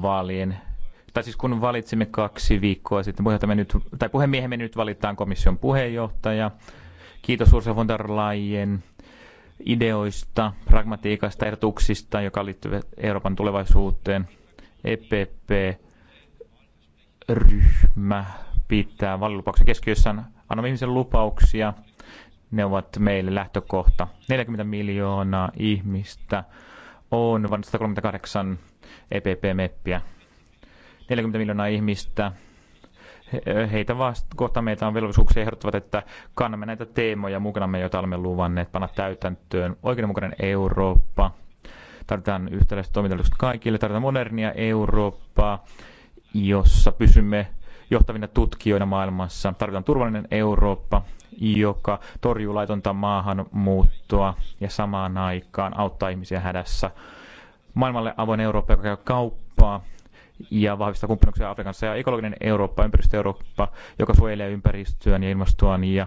Speaker 1: vaalien, tai siis kun valitsimme kaksi viikkoa sitten, nyt, tai puhemiehemme nyt valitaan komission puheenjohtaja. Kiitos Ursula von der Leyen ideoista, pragmatiikasta, ehdotuksista, joka liittyy Euroopan tulevaisuuteen. EPP-ryhmä pitää vaalilupauksen keskiössä. Annamme ihmisen lupauksia. Ne ovat meille lähtökohta. 40 miljoonaa ihmistä on vuonna 138 EPP-meppiä. 40 miljoonaa ihmistä, heitä vasta, kohta meitä on velvollisuuksia ehdottavat, että kannamme näitä teemoja me, joita olemme luvanneet panna täytäntöön. Oikeudenmukainen Eurooppa, tarvitaan yhtäläiset toimintaedellytykset kaikille, tarvitaan modernia Eurooppaa, jossa pysymme johtavina tutkijoina maailmassa. Tarvitaan turvallinen Eurooppa, joka torjuu laitonta maahanmuuttoa ja samaan aikaan auttaa ihmisiä hädässä maailmalle avoin Eurooppa, joka käy kauppaa ja vahvistaa kumppanuksia Afrikassa ja ekologinen Eurooppa, ympäristö-Eurooppa, joka suojelee ympäristöään ja ilmastoaan ja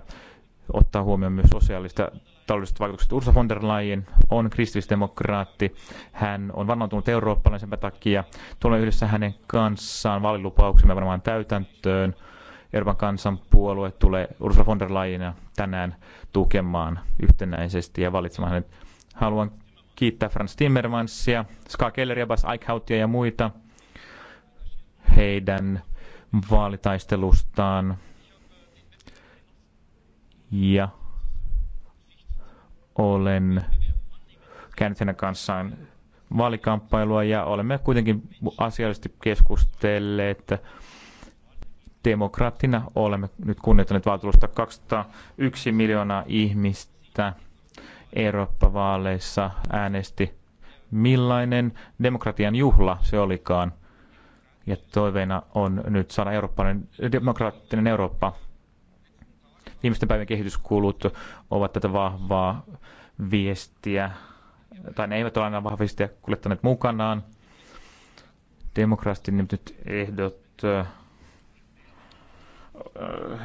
Speaker 1: ottaa huomioon myös sosiaalista taloudelliset vaikutukset. Ursula von der Leyen on kristillisdemokraatti. Hän on vannoutunut eurooppalaisen takia. Tulemme yhdessä hänen kanssaan vaalilupauksemme varmaan täytäntöön. Euroopan puolue tulee Ursula von der Leyen tänään tukemaan yhtenäisesti ja valitsemaan hänet. Haluan kiittää Franz Timmermansia, Ska Kelleria, Bas Eichhautia ja muita heidän vaalitaistelustaan. Ja olen käynyt hänen kanssaan vaalikamppailua ja olemme kuitenkin asiallisesti keskustelleet että demokraattina olemme nyt kunnioittaneet valtuusta 201 miljoonaa ihmistä Eurooppa-vaaleissa äänesti. Millainen demokratian juhla se olikaan? Ja toiveena on nyt saada eurooppalainen, demokraattinen Eurooppa. Viimeisten päivien kehityskulut ovat tätä vahvaa viestiä, tai ne eivät ole aina vahvistia kuljettaneet mukanaan. Demokraattinen nyt ehdot,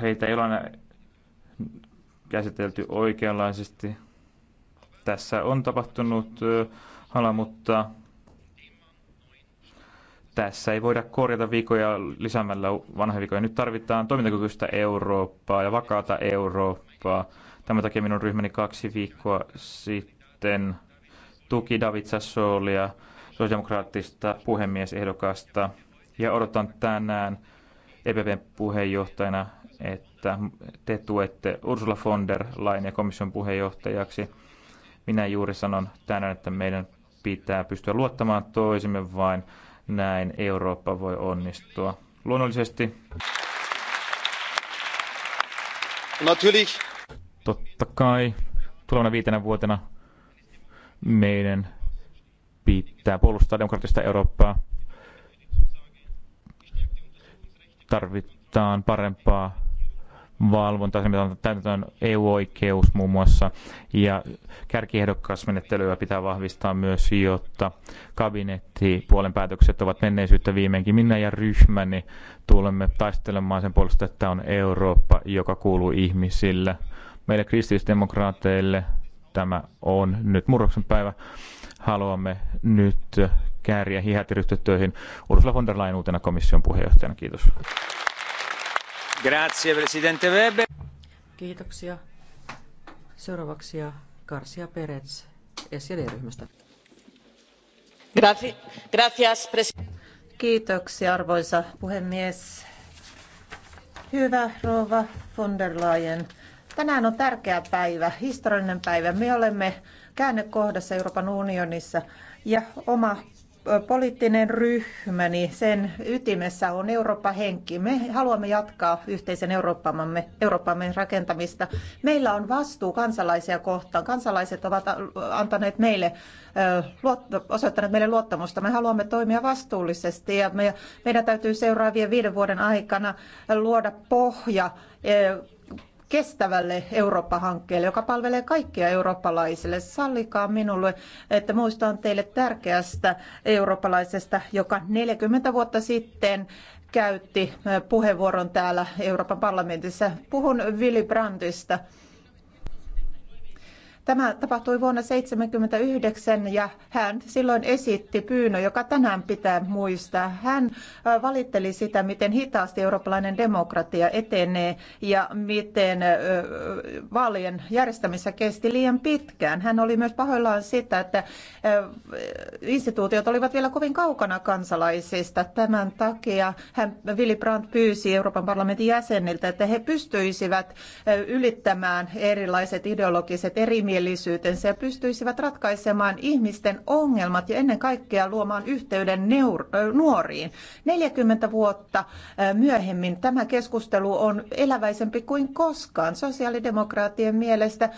Speaker 1: heitä ei ole aina käsitelty oikeanlaisesti – tässä on tapahtunut hala, mutta tässä ei voida korjata viikoja lisäämällä vanhoja viikoja. Nyt tarvitaan toimintakykyistä Eurooppaa ja vakaata Eurooppaa. Tämän takia minun ryhmäni kaksi viikkoa sitten tuki David Sassolia, sosiaalidemokraattista puhemiesehdokasta. Ja odotan tänään EPPn puheenjohtajana, että te tuette Ursula von der Leyen ja komission puheenjohtajaksi. Minä juuri sanon tänään, että meidän pitää pystyä luottamaan toisimme vain. Näin Eurooppa voi onnistua. Luonnollisesti. Natürlich. Totta kai. Tulevana viitenä vuotena meidän pitää puolustaa demokratista Eurooppaa. Tarvitaan parempaa valvontaa, mitä täytetään EU-oikeus muun muassa, ja kärkiehdokkaasmenettelyä pitää vahvistaa myös, jotta kabinettipuolen päätökset ovat menneisyyttä viimeinkin. Minä ja ryhmäni tulemme taistelemaan sen puolesta, että on Eurooppa, joka kuuluu ihmisille. Meille kristillisdemokraateille tämä on nyt murroksen päivä. Haluamme nyt kääriä hihat ja ryhtyä töihin Ursula von der Leyen uutena komission puheenjohtajana. Kiitos. Grazie, presidente Weber.
Speaker 2: Kiitoksia. Seuraavaksi Garcia Perez SED-ryhmästä. gracias, Kiitoksia, arvoisa puhemies.
Speaker 3: Hyvä rouva von der Leyen. Tänään on tärkeä päivä, historiallinen päivä. Me olemme käännekohdassa Euroopan unionissa ja oma poliittinen ryhmäni, niin sen ytimessä on Eurooppa-henki. Me haluamme jatkaa yhteisen Eurooppamme, Eurooppamme rakentamista. Meillä on vastuu kansalaisia kohtaan. Kansalaiset ovat antaneet meille, osoittaneet meille luottamusta. Me haluamme toimia vastuullisesti ja meidän täytyy seuraavien viiden vuoden aikana luoda pohja kestävälle Eurooppa-hankkeelle, joka palvelee kaikkia eurooppalaisille. Sallikaa minulle, että muistan teille tärkeästä eurooppalaisesta, joka 40 vuotta sitten käytti puheenvuoron täällä Euroopan parlamentissa. Puhun Willy Brandtista. Tämä tapahtui vuonna 1979 ja hän silloin esitti pyynnön, joka tänään pitää muistaa. Hän valitteli sitä, miten hitaasti eurooppalainen demokratia etenee ja miten vaalien järjestämisessä kesti liian pitkään. Hän oli myös pahoillaan sitä, että instituutiot olivat vielä kovin kaukana kansalaisista. Tämän takia hän, Willy Brandt pyysi Euroopan parlamentin jäseniltä, että he pystyisivät ylittämään erilaiset ideologiset erimielisyys inhimillisyytensä ja pystyisivät ratkaisemaan ihmisten ongelmat ja ennen kaikkea luomaan yhteyden nuoriin. 40 vuotta myöhemmin tämä keskustelu on eläväisempi kuin koskaan. Sosiaalidemokraattien mielestä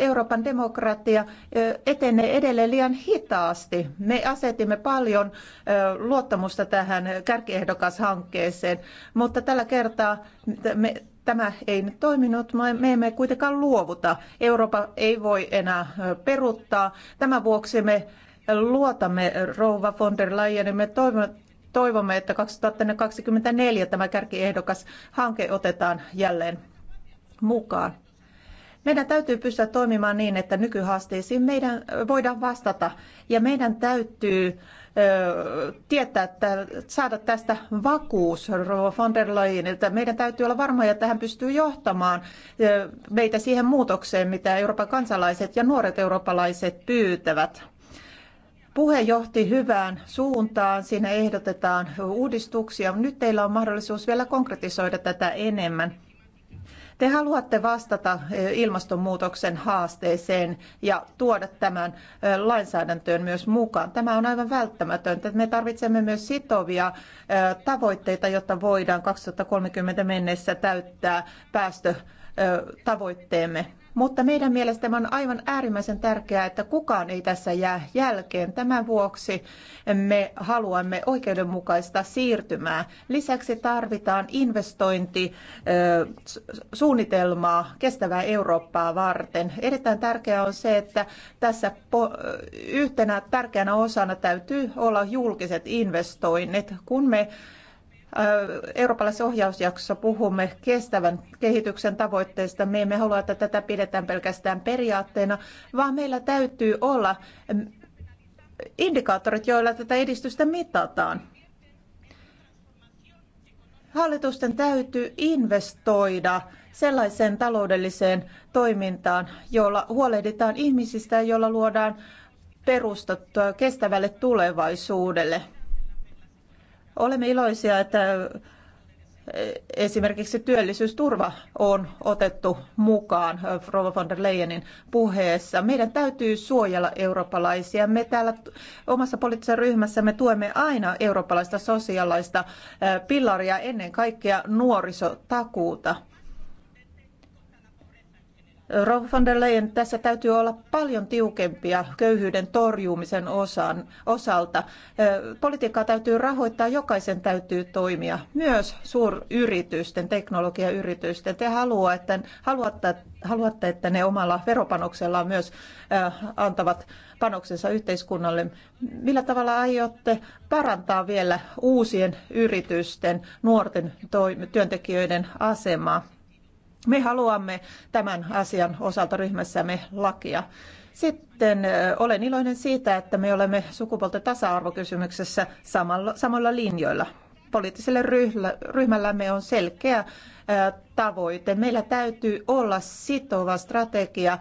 Speaker 3: Euroopan demokratia etenee edelleen liian hitaasti. Me asetimme paljon luottamusta tähän kärkiehdokashankkeeseen, mutta tällä kertaa me Tämä ei nyt toiminut, me emme kuitenkaan luovuta. Eurooppa ei voi enää peruuttaa. Tämän vuoksi me luotamme rouva von der Leyen ja me toivomme, toivomme, että 2024 tämä kärkiehdokas hanke otetaan jälleen mukaan. Meidän täytyy pystyä toimimaan niin, että nykyhaasteisiin meidän voidaan vastata ja meidän täytyy tietää, että saada tästä vakuus Rova von der Leyen, että meidän täytyy olla varmoja, että hän pystyy johtamaan meitä siihen muutokseen, mitä Euroopan kansalaiset ja nuoret eurooppalaiset pyytävät. Puhe johti hyvään suuntaan, siinä ehdotetaan uudistuksia. Nyt teillä on mahdollisuus vielä konkretisoida tätä enemmän. Te haluatte vastata eh, ilmastonmuutoksen haasteeseen ja tuoda tämän eh, lainsäädäntöön myös mukaan. Tämä on aivan välttämätöntä. Me tarvitsemme myös sitovia eh, tavoitteita, jotta voidaan 2030 mennessä täyttää päästötavoitteemme. Mutta meidän mielestämme on aivan äärimmäisen tärkeää, että kukaan ei tässä jää jälkeen. Tämän vuoksi me haluamme oikeudenmukaista siirtymää. Lisäksi tarvitaan investointisuunnitelmaa kestävää Eurooppaa varten. Erittäin tärkeää on se, että tässä yhtenä tärkeänä osana täytyy olla julkiset investoinnit. Kun me eurooppalaisessa ohjausjaksossa puhumme kestävän kehityksen tavoitteista. Me emme halua, että tätä pidetään pelkästään periaatteena, vaan meillä täytyy olla indikaattorit, joilla tätä edistystä mitataan. Hallitusten täytyy investoida sellaiseen taloudelliseen toimintaan, jolla huolehditaan ihmisistä ja jolla luodaan perustat kestävälle tulevaisuudelle. Olemme iloisia, että e, esimerkiksi työllisyysturva on otettu mukaan Rova von der Leyenin puheessa. Meidän täytyy suojella eurooppalaisia. Me täällä omassa poliittisessa ryhmässä me tuemme aina eurooppalaista sosiaalista pilaria, ennen kaikkea nuorisotakuuta. Rouva von der Leyen, tässä täytyy olla paljon tiukempia köyhyyden torjumisen osan, osalta. Politiikkaa täytyy rahoittaa, jokaisen täytyy toimia, myös suuryritysten, teknologiayritysten. Te haluatte, haluatte, haluatte että ne omalla veropanoksellaan myös antavat panoksensa yhteiskunnalle. Millä tavalla aiotte parantaa vielä uusien yritysten, nuorten työntekijöiden asemaa? Me haluamme tämän asian osalta ryhmässämme lakia. Sitten olen iloinen siitä, että me olemme sukupuolten tasa-arvokysymyksessä samalla, linjoilla. Poliittiselle ryhmällämme on selkeä tavoite. Meillä täytyy olla sitova strategia,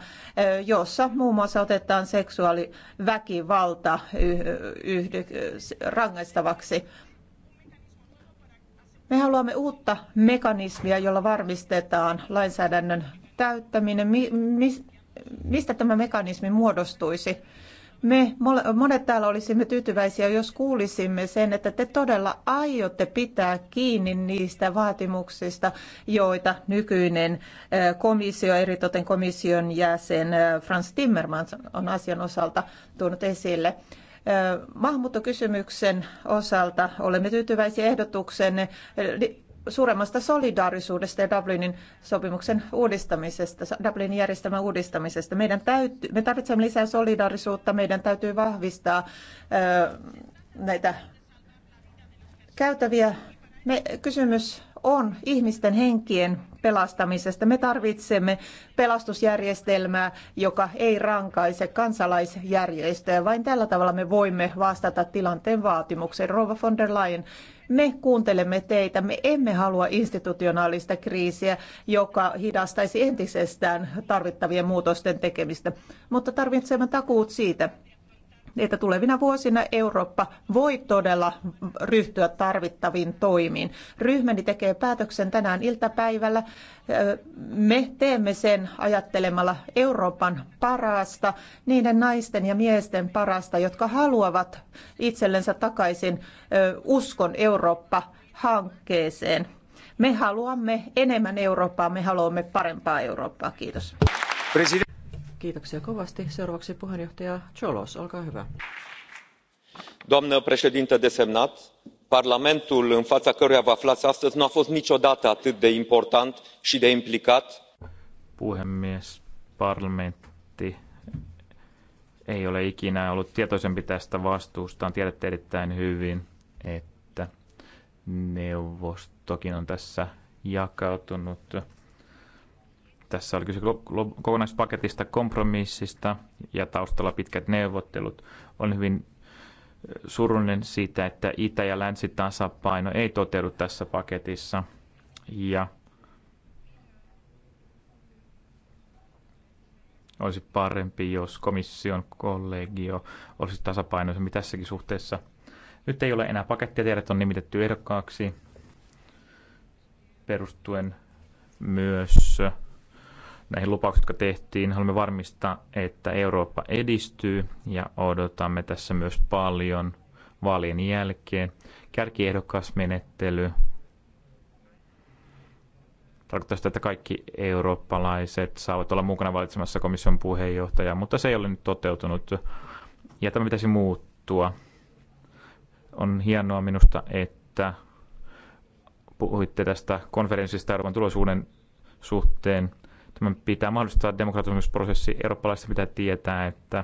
Speaker 3: jossa muun muassa otetaan seksuaaliväkivalta yhdy, rangaistavaksi. Me haluamme uutta mekanismia, jolla varmistetaan lainsäädännön täyttäminen. mistä tämä mekanismi muodostuisi? Me monet täällä olisimme tyytyväisiä, jos kuulisimme sen, että te todella aiotte pitää kiinni niistä vaatimuksista, joita nykyinen komissio, eritoten komission jäsen Frans Timmermans on asian osalta tuonut esille. Maahanmuuttokysymyksen osalta olemme tyytyväisiä ehdotuksenne suuremmasta solidaarisuudesta ja Dublinin sopimuksen uudistamisesta, Dublinin järjestelmän uudistamisesta. Meidän täytyy, me tarvitsemme lisää solidaarisuutta, meidän täytyy vahvistaa näitä käytäviä. Me, kysymys on ihmisten henkien pelastamisesta. Me tarvitsemme pelastusjärjestelmää, joka ei rankaise kansalaisjärjestöjä. Vain tällä tavalla me voimme vastata tilanteen vaatimukseen. Rova von der Leyen, me kuuntelemme teitä. Me emme halua institutionaalista kriisiä, joka hidastaisi entisestään tarvittavien muutosten tekemistä, mutta tarvitsemme takuut siitä, että tulevina vuosina Eurooppa voi todella ryhtyä tarvittaviin toimiin. Ryhmäni tekee päätöksen tänään iltapäivällä. Me teemme sen ajattelemalla Euroopan parasta, niiden naisten ja miesten parasta, jotka haluavat itsellensä takaisin uskon Eurooppa-hankkeeseen. Me haluamme enemmän Eurooppaa, me haluamme parempaa Eurooppaa. Kiitos.
Speaker 2: Kiitoksia kovasti. Seuraavaksi puheenjohtaja Cholos, olkaa hyvä.
Speaker 1: Doamnă președintă desemnat, Parlamentul în fața căruia vă aflați astăzi nu a fost niciodată atât de important și de implicat. Puhemies, parlamentti ei ole ikinä ollut tietoisempi tästä vastuustaan. Tiedätte erittäin hyvin, että neuvostokin on tässä jakautunut tässä oli kyse kokonaispaketista, kompromissista ja taustalla pitkät neuvottelut. on hyvin äh, surullinen siitä, että itä- ja Länsi-tasapaino ei toteudu tässä paketissa. Ja olisi parempi, jos komission kollegio olisi tasapainoisempi tässäkin suhteessa. Nyt ei ole enää pakettia, tiedät on nimitetty ehdokkaaksi perustuen myös näihin lupauksiin, jotka tehtiin. Haluamme varmistaa, että Eurooppa edistyy ja odotamme tässä myös paljon vaalien jälkeen. Kärkiehdokasmenettely tarkoittaa sitä, että kaikki eurooppalaiset saavat olla mukana valitsemassa komission puheenjohtajaa, mutta se ei ole nyt toteutunut ja tämä pitäisi muuttua. On hienoa minusta, että puhuitte tästä konferenssista Euroopan tulosuuden suhteen. Tämän pitää mahdollistaa demokratisoimisprosessi. Eurooppalaisista pitää tietää, että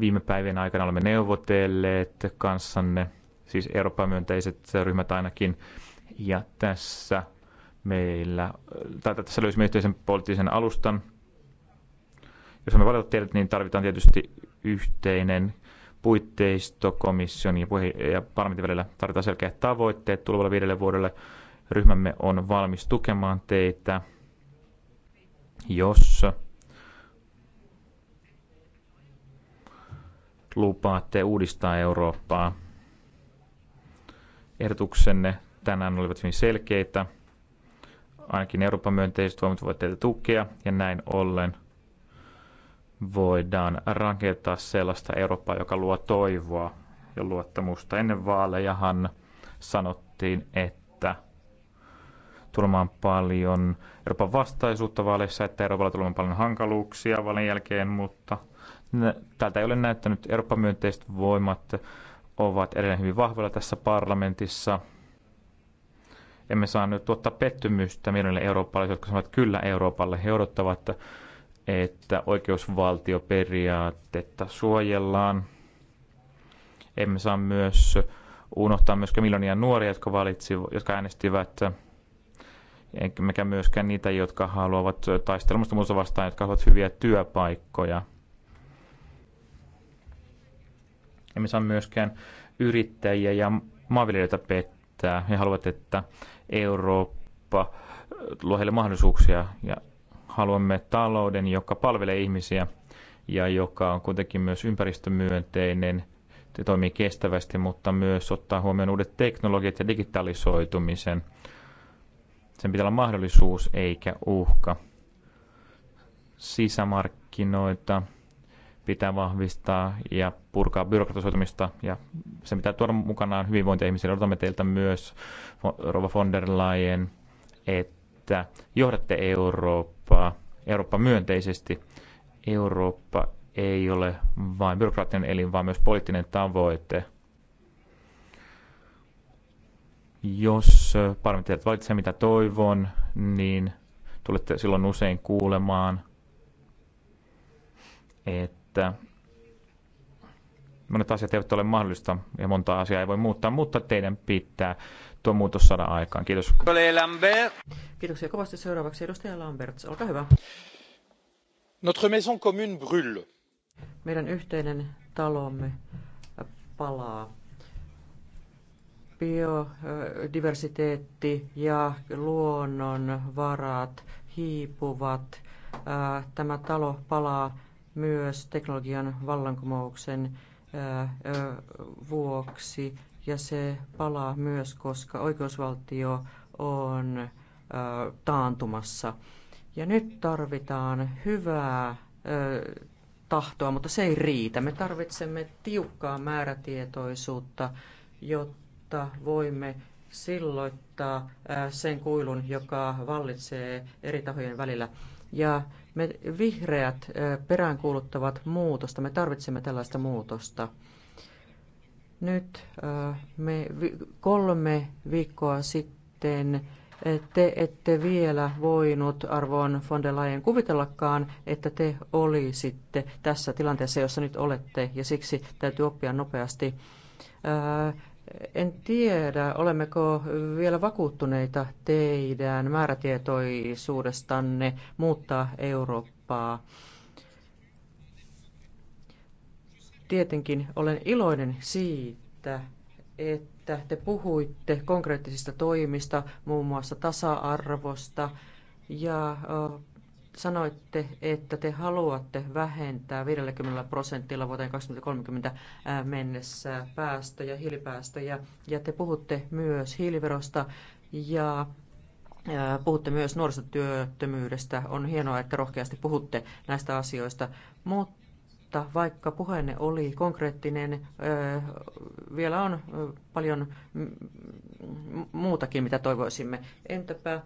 Speaker 1: viime päivien aikana olemme neuvotelleet kanssanne, siis Euroopan myönteiset ryhmät ainakin, ja tässä meillä, tai tässä löysimme yhteisen poliittisen alustan. Jos me valita teidät, niin tarvitaan tietysti yhteinen puitteisto komission ja, puhe- ja parlamentin välillä. Tarvitaan selkeät tavoitteet tulevalle viidelle vuodelle. Ryhmämme on valmis tukemaan teitä jossa lupaatte uudistaa Eurooppaa. Ehdotuksenne tänään olivat hyvin selkeitä. Ainakin Euroopan myönteiset voimat voivat teitä tukea ja näin ollen voidaan rakentaa sellaista Eurooppaa, joka luo toivoa ja luottamusta. Ennen vaalejahan sanottiin, että tulemaan paljon Euroopan vastaisuutta vaaleissa, että Euroopalla tulee paljon hankaluuksia vaalien jälkeen, mutta tältä ei ole näyttänyt. Euroopan myönteiset voimat ovat edelleen hyvin vahvoilla tässä parlamentissa. Emme saa nyt tuottaa pettymystä miljoonille eurooppalaisille, jotka sanovat kyllä Euroopalle. He odottavat, että oikeusvaltioperiaatetta suojellaan. Emme saa myös unohtaa myöskään miljoonia nuoria, jotka, valitsi, jotka äänestivät emmekä myöskään niitä, jotka haluavat taistella ilmastonmuutosta vastaan, jotka haluavat hyviä työpaikkoja. Emme saa myöskään yrittäjiä ja maanviljelijöitä pettää. He haluavat, että Eurooppa luo heille mahdollisuuksia ja haluamme talouden, joka palvelee ihmisiä ja joka on kuitenkin myös ympäristömyönteinen, se toimii kestävästi, mutta myös ottaa huomioon uudet teknologiat ja digitalisoitumisen. Sen pitää olla mahdollisuus eikä uhka. Sisämarkkinoita pitää vahvistaa ja purkaa byrokratisoitumista ja sen pitää tuoda mukanaan hyvinvointia ihmisille. Odotamme teiltä myös, Rova von der Leyen, että johdatte Eurooppaa, Eurooppa myönteisesti. Eurooppa ei ole vain byrokraattinen elin, vaan myös poliittinen tavoite. Jos parlamentti valitsee mitä toivon, niin tulette silloin usein kuulemaan, että monet asiat eivät ole mahdollista ja monta asiaa ei voi muuttaa, mutta teidän pitää tuo muutos saada aikaan. Kiitos.
Speaker 2: Kiitoksia kovasti. Seuraavaksi edustaja Lamberts, olkaa hyvä.
Speaker 3: Notre maison commune brûle.
Speaker 2: Meidän yhteinen talomme palaa biodiversiteetti ja luonnonvarat hiipuvat. Äh, tämä talo palaa myös teknologian vallankumouksen äh, vuoksi ja se palaa myös, koska oikeusvaltio on äh, taantumassa. Ja nyt tarvitaan hyvää tahtoa, mutta se ei riitä. Me tarvitsemme tiukkaa määrätietoisuutta, jotta jotta voimme silloittaa sen kuilun, joka vallitsee eri tahojen välillä. Ja me vihreät peräänkuuluttavat muutosta, me tarvitsemme tällaista muutosta. Nyt me kolme viikkoa sitten te ette vielä voinut, arvon von der Leyen, kuvitellakaan, että te olisitte tässä tilanteessa, jossa nyt olette, ja siksi täytyy oppia nopeasti. En tiedä, olemmeko vielä vakuuttuneita teidän määrätietoisuudestanne muuttaa Eurooppaa. Tietenkin olen iloinen siitä, että te puhuitte konkreettisista toimista, muun muassa tasa-arvosta ja Sanoitte, että te haluatte vähentää 50 prosentilla vuoteen 2030 äh, mennessä päästöjä, hiilipäästöjä, ja te puhutte myös hiiliverosta ja äh, Puhutte myös nuorisotyöttömyydestä. On hienoa, että rohkeasti puhutte näistä asioista, mutta vaikka puheenne oli konkreettinen, äh, vielä on paljon mm, mm, muutakin, mitä toivoisimme. Entäpä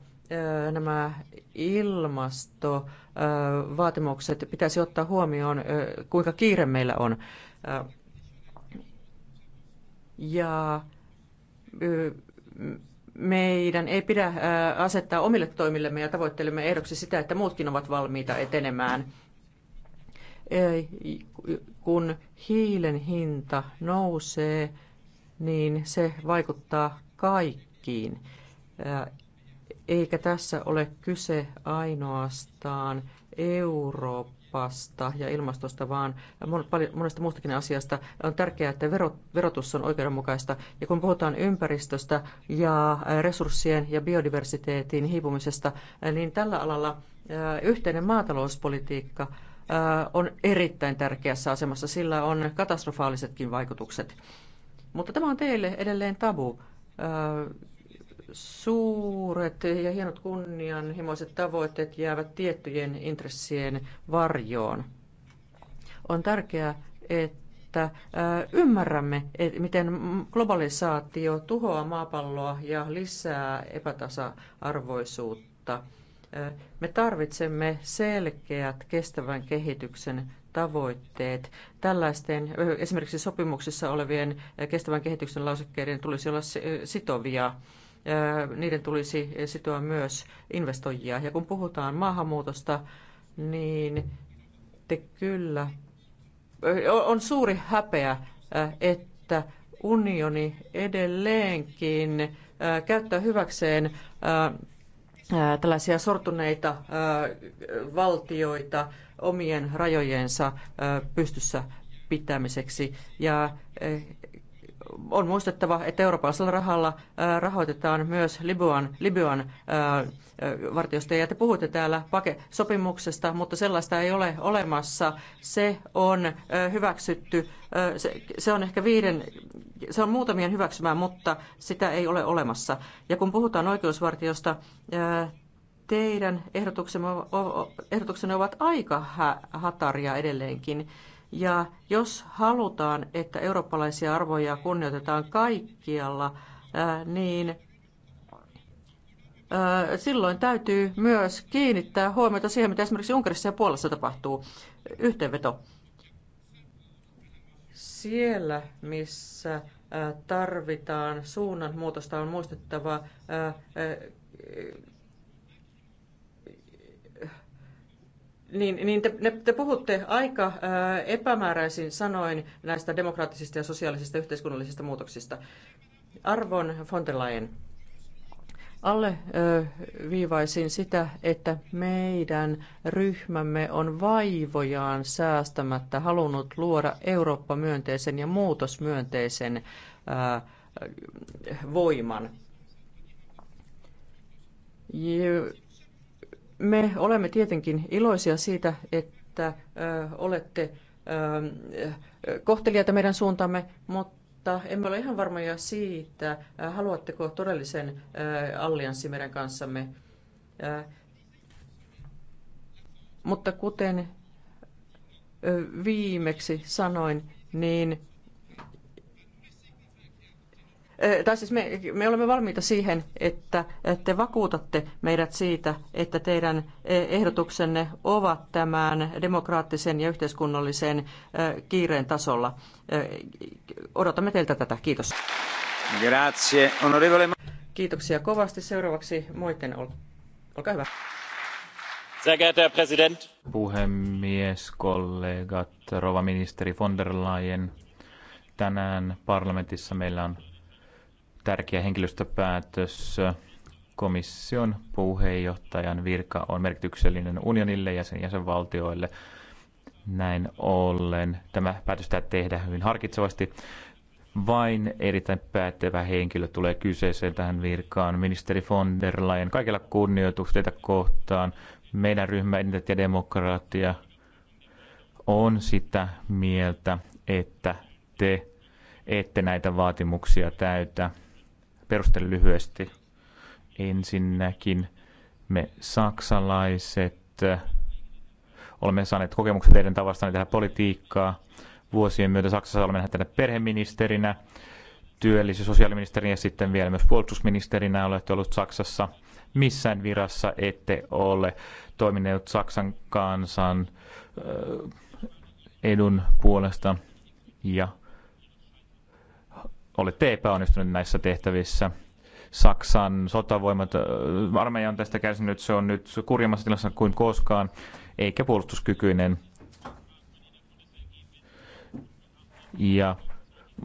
Speaker 2: nämä ilmastovaatimukset pitäisi ottaa huomioon, kuinka kiire meillä on. Ja meidän ei pidä asettaa omille toimillemme ja tavoittelemme ehdoksi sitä, että muutkin ovat valmiita etenemään. Kun hiilen hinta nousee, niin se vaikuttaa kaikkiin eikä tässä ole kyse ainoastaan Euroopasta ja ilmastosta, vaan monesta muustakin asiasta. On tärkeää, että verotus on oikeudenmukaista. Ja kun puhutaan ympäristöstä ja resurssien ja biodiversiteetin hiipumisesta, niin tällä alalla yhteinen maatalouspolitiikka on erittäin tärkeässä asemassa. Sillä on katastrofaalisetkin vaikutukset. Mutta tämä on teille edelleen tabu suuret ja hienot kunnianhimoiset tavoitteet jäävät tiettyjen intressien varjoon. On tärkeää, että ymmärrämme, että miten globalisaatio tuhoaa maapalloa ja lisää epätasa-arvoisuutta. Me tarvitsemme selkeät kestävän kehityksen tavoitteet. Tällaisten esimerkiksi sopimuksissa olevien kestävän kehityksen lausekkeiden tulisi olla sitovia niiden tulisi sitoa myös investoijia. Ja kun puhutaan maahanmuutosta, niin te kyllä, on suuri häpeä, että unioni edelleenkin käyttää hyväkseen tällaisia sortuneita valtioita omien rajojensa pystyssä pitämiseksi. Ja on muistettava, että eurooppalaisella rahalla rahoitetaan myös Libyan, Libyan vartiostoja. Ja te puhutte täällä sopimuksesta, mutta sellaista ei ole olemassa. Se on hyväksytty, se, se on ehkä viiden, se on muutamien hyväksymää, mutta sitä ei ole olemassa. Ja kun puhutaan oikeusvartiosta, teidän ehdotuksenne ovat aika hataria edelleenkin. Ja jos halutaan, että eurooppalaisia arvoja kunnioitetaan kaikkialla, niin silloin täytyy myös kiinnittää huomiota siihen, mitä esimerkiksi Unkarissa ja Puolassa tapahtuu. Yhteenveto. Siellä, missä tarvitaan suunnanmuutosta, on muistettava niin, niin te, ne, te puhutte aika ää, äh, epämääräisin sanoin näistä demokraattisista ja sosiaalisista yhteiskunnallisista muutoksista. Arvon von der Leyen, alle ö, viivaisin sitä, että meidän ryhmämme on vaivojaan säästämättä halunnut luoda Eurooppa-myönteisen ja muutosmyönteisen ö, voiman. Me olemme tietenkin iloisia siitä, että olette kohteliaita meidän suuntamme, mutta emme ole ihan varmoja siitä, haluatteko todellisen allianssi meidän kanssamme. Mutta kuten viimeksi sanoin, niin tai siis me, me olemme valmiita siihen, että te vakuutatte meidät siitä, että teidän ehdotuksenne ovat tämän demokraattisen ja yhteiskunnallisen kiireen tasolla. Odotamme teiltä tätä. Kiitos.
Speaker 1: Grazie. Onorevole...
Speaker 2: Kiitoksia kovasti. Seuraavaksi Moitten, olkaa hyvä.
Speaker 1: Puhemies, kollegat, rova ministeri von der Leyen. Tänään parlamentissa meillä on tärkeä henkilöstöpäätös. Komission puheenjohtajan virka on merkityksellinen unionille ja sen jäsenvaltioille. Näin ollen tämä päätös tehdä hyvin harkitsevasti. Vain erittäin päättävä henkilö tulee kyseeseen tähän virkaan. Ministeri von der Leyen, kaikilla kunnioituksilla kohtaan. Meidän ryhmä Identiteetti ja demokratia on sitä mieltä, että te ette näitä vaatimuksia täytä perustelen lyhyesti. Ensinnäkin me saksalaiset äh, olemme saaneet kokemuksia teidän tavastanne tehdä politiikkaa. Vuosien myötä Saksassa olemme nähneet teidät perheministerinä, työllisyys- ja sosiaaliministerinä ja sitten vielä myös puolustusministerinä olette ollut Saksassa. Missään virassa ette ole toimineet Saksan kansan äh, edun puolesta ja olette epäonnistuneet näissä tehtävissä. Saksan sotavoimat, äh, armeija on tästä kärsinyt, se on nyt kurjemmassa tilassa kuin koskaan, eikä puolustuskykyinen. Ja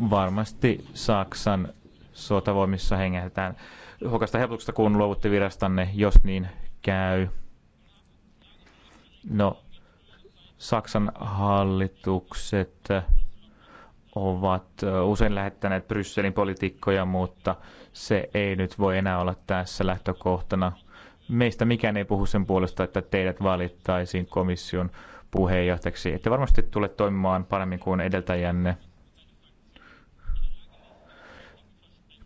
Speaker 1: varmasti Saksan sotavoimissa hengähdetään hokasta helpotuksesta, kun luovutte virastanne, jos niin käy. No, Saksan hallitukset ovat usein lähettäneet Brysselin poliitikkoja, mutta se ei nyt voi enää olla tässä lähtökohtana. Meistä mikään ei puhu sen puolesta, että teidät valittaisiin komission puheenjohtajaksi. Ette varmasti tule toimimaan paremmin kuin edeltäjänne.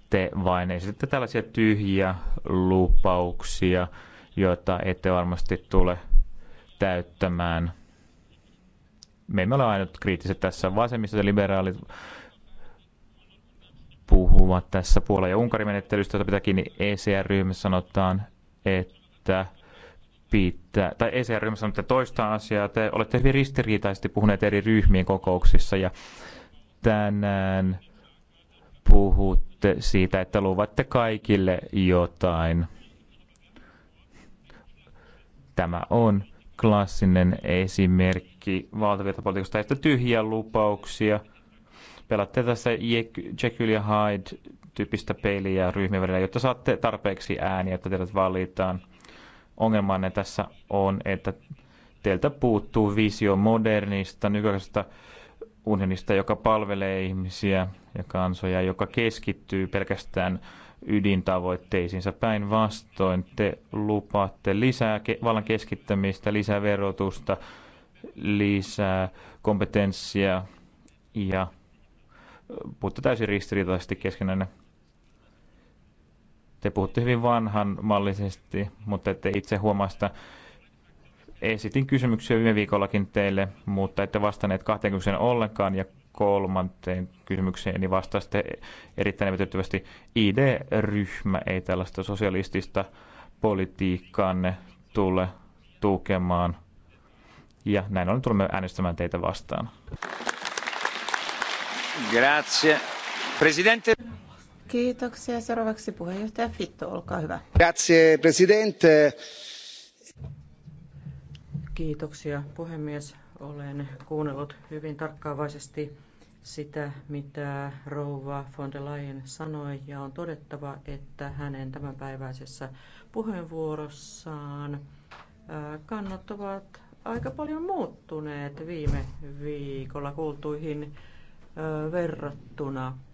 Speaker 1: Te vain esitätte tällaisia tyhjiä lupauksia, joita ette varmasti tule täyttämään me emme ole ainut kriittiset tässä. Vasemmista ja liberaalit puhuvat tässä Puola- ja Unkari-menettelystä, jota pitää kiinni ECR-ryhmässä sanotaan, että pitää, tai ECR-ryhmässä sanotaan, että toista asiaa. Te olette hyvin ristiriitaisesti puhuneet eri ryhmien kokouksissa ja tänään puhutte siitä, että luvatte kaikille jotain. Tämä on klassinen esimerkki valtavirtapolitiikasta, että tyhjiä lupauksia. Pelaatte tässä Jekyll ja Hyde tyyppistä peliä ryhmien välillä, jotta saatte tarpeeksi ääniä, että teidät valitaan. Ongelmanne tässä on, että teiltä puuttuu visio modernista, nykyaikaisesta unionista, joka palvelee ihmisiä ja kansoja, joka keskittyy pelkästään ydintavoitteisiinsa. Päinvastoin te lupaatte lisää vallan keskittämistä, lisää verotusta, lisää kompetenssia ja puhutte täysin ristiriitaisesti keskenään. Te puhutte hyvin vanhanmallisesti, mutta ette itse huomaa sitä. Esitin kysymyksiä viime viikollakin teille, mutta ette vastanneet kahteen ollenkaan ja kolmanteen kysymykseen, niin sitten erittäin epätyyttävästi. ID-ryhmä ei tällaista sosialistista politiikkaanne tule tukemaan. Ja näin ollen tulemme äänestämään teitä vastaan. Grazie.
Speaker 3: Presidente. Kiitoksia. Seuraavaksi puheenjohtaja Fitto, olkaa hyvä.
Speaker 1: Grazie, presidente.
Speaker 2: Kiitoksia, puhemies. Olen kuunnellut hyvin tarkkaavaisesti sitä, mitä rouva von der Leyen sanoi, ja on todettava, että hänen tämänpäiväisessä puheenvuorossaan äh, kannat ovat aika paljon muuttuneet viime viikolla kuultuihin äh, verrattuna.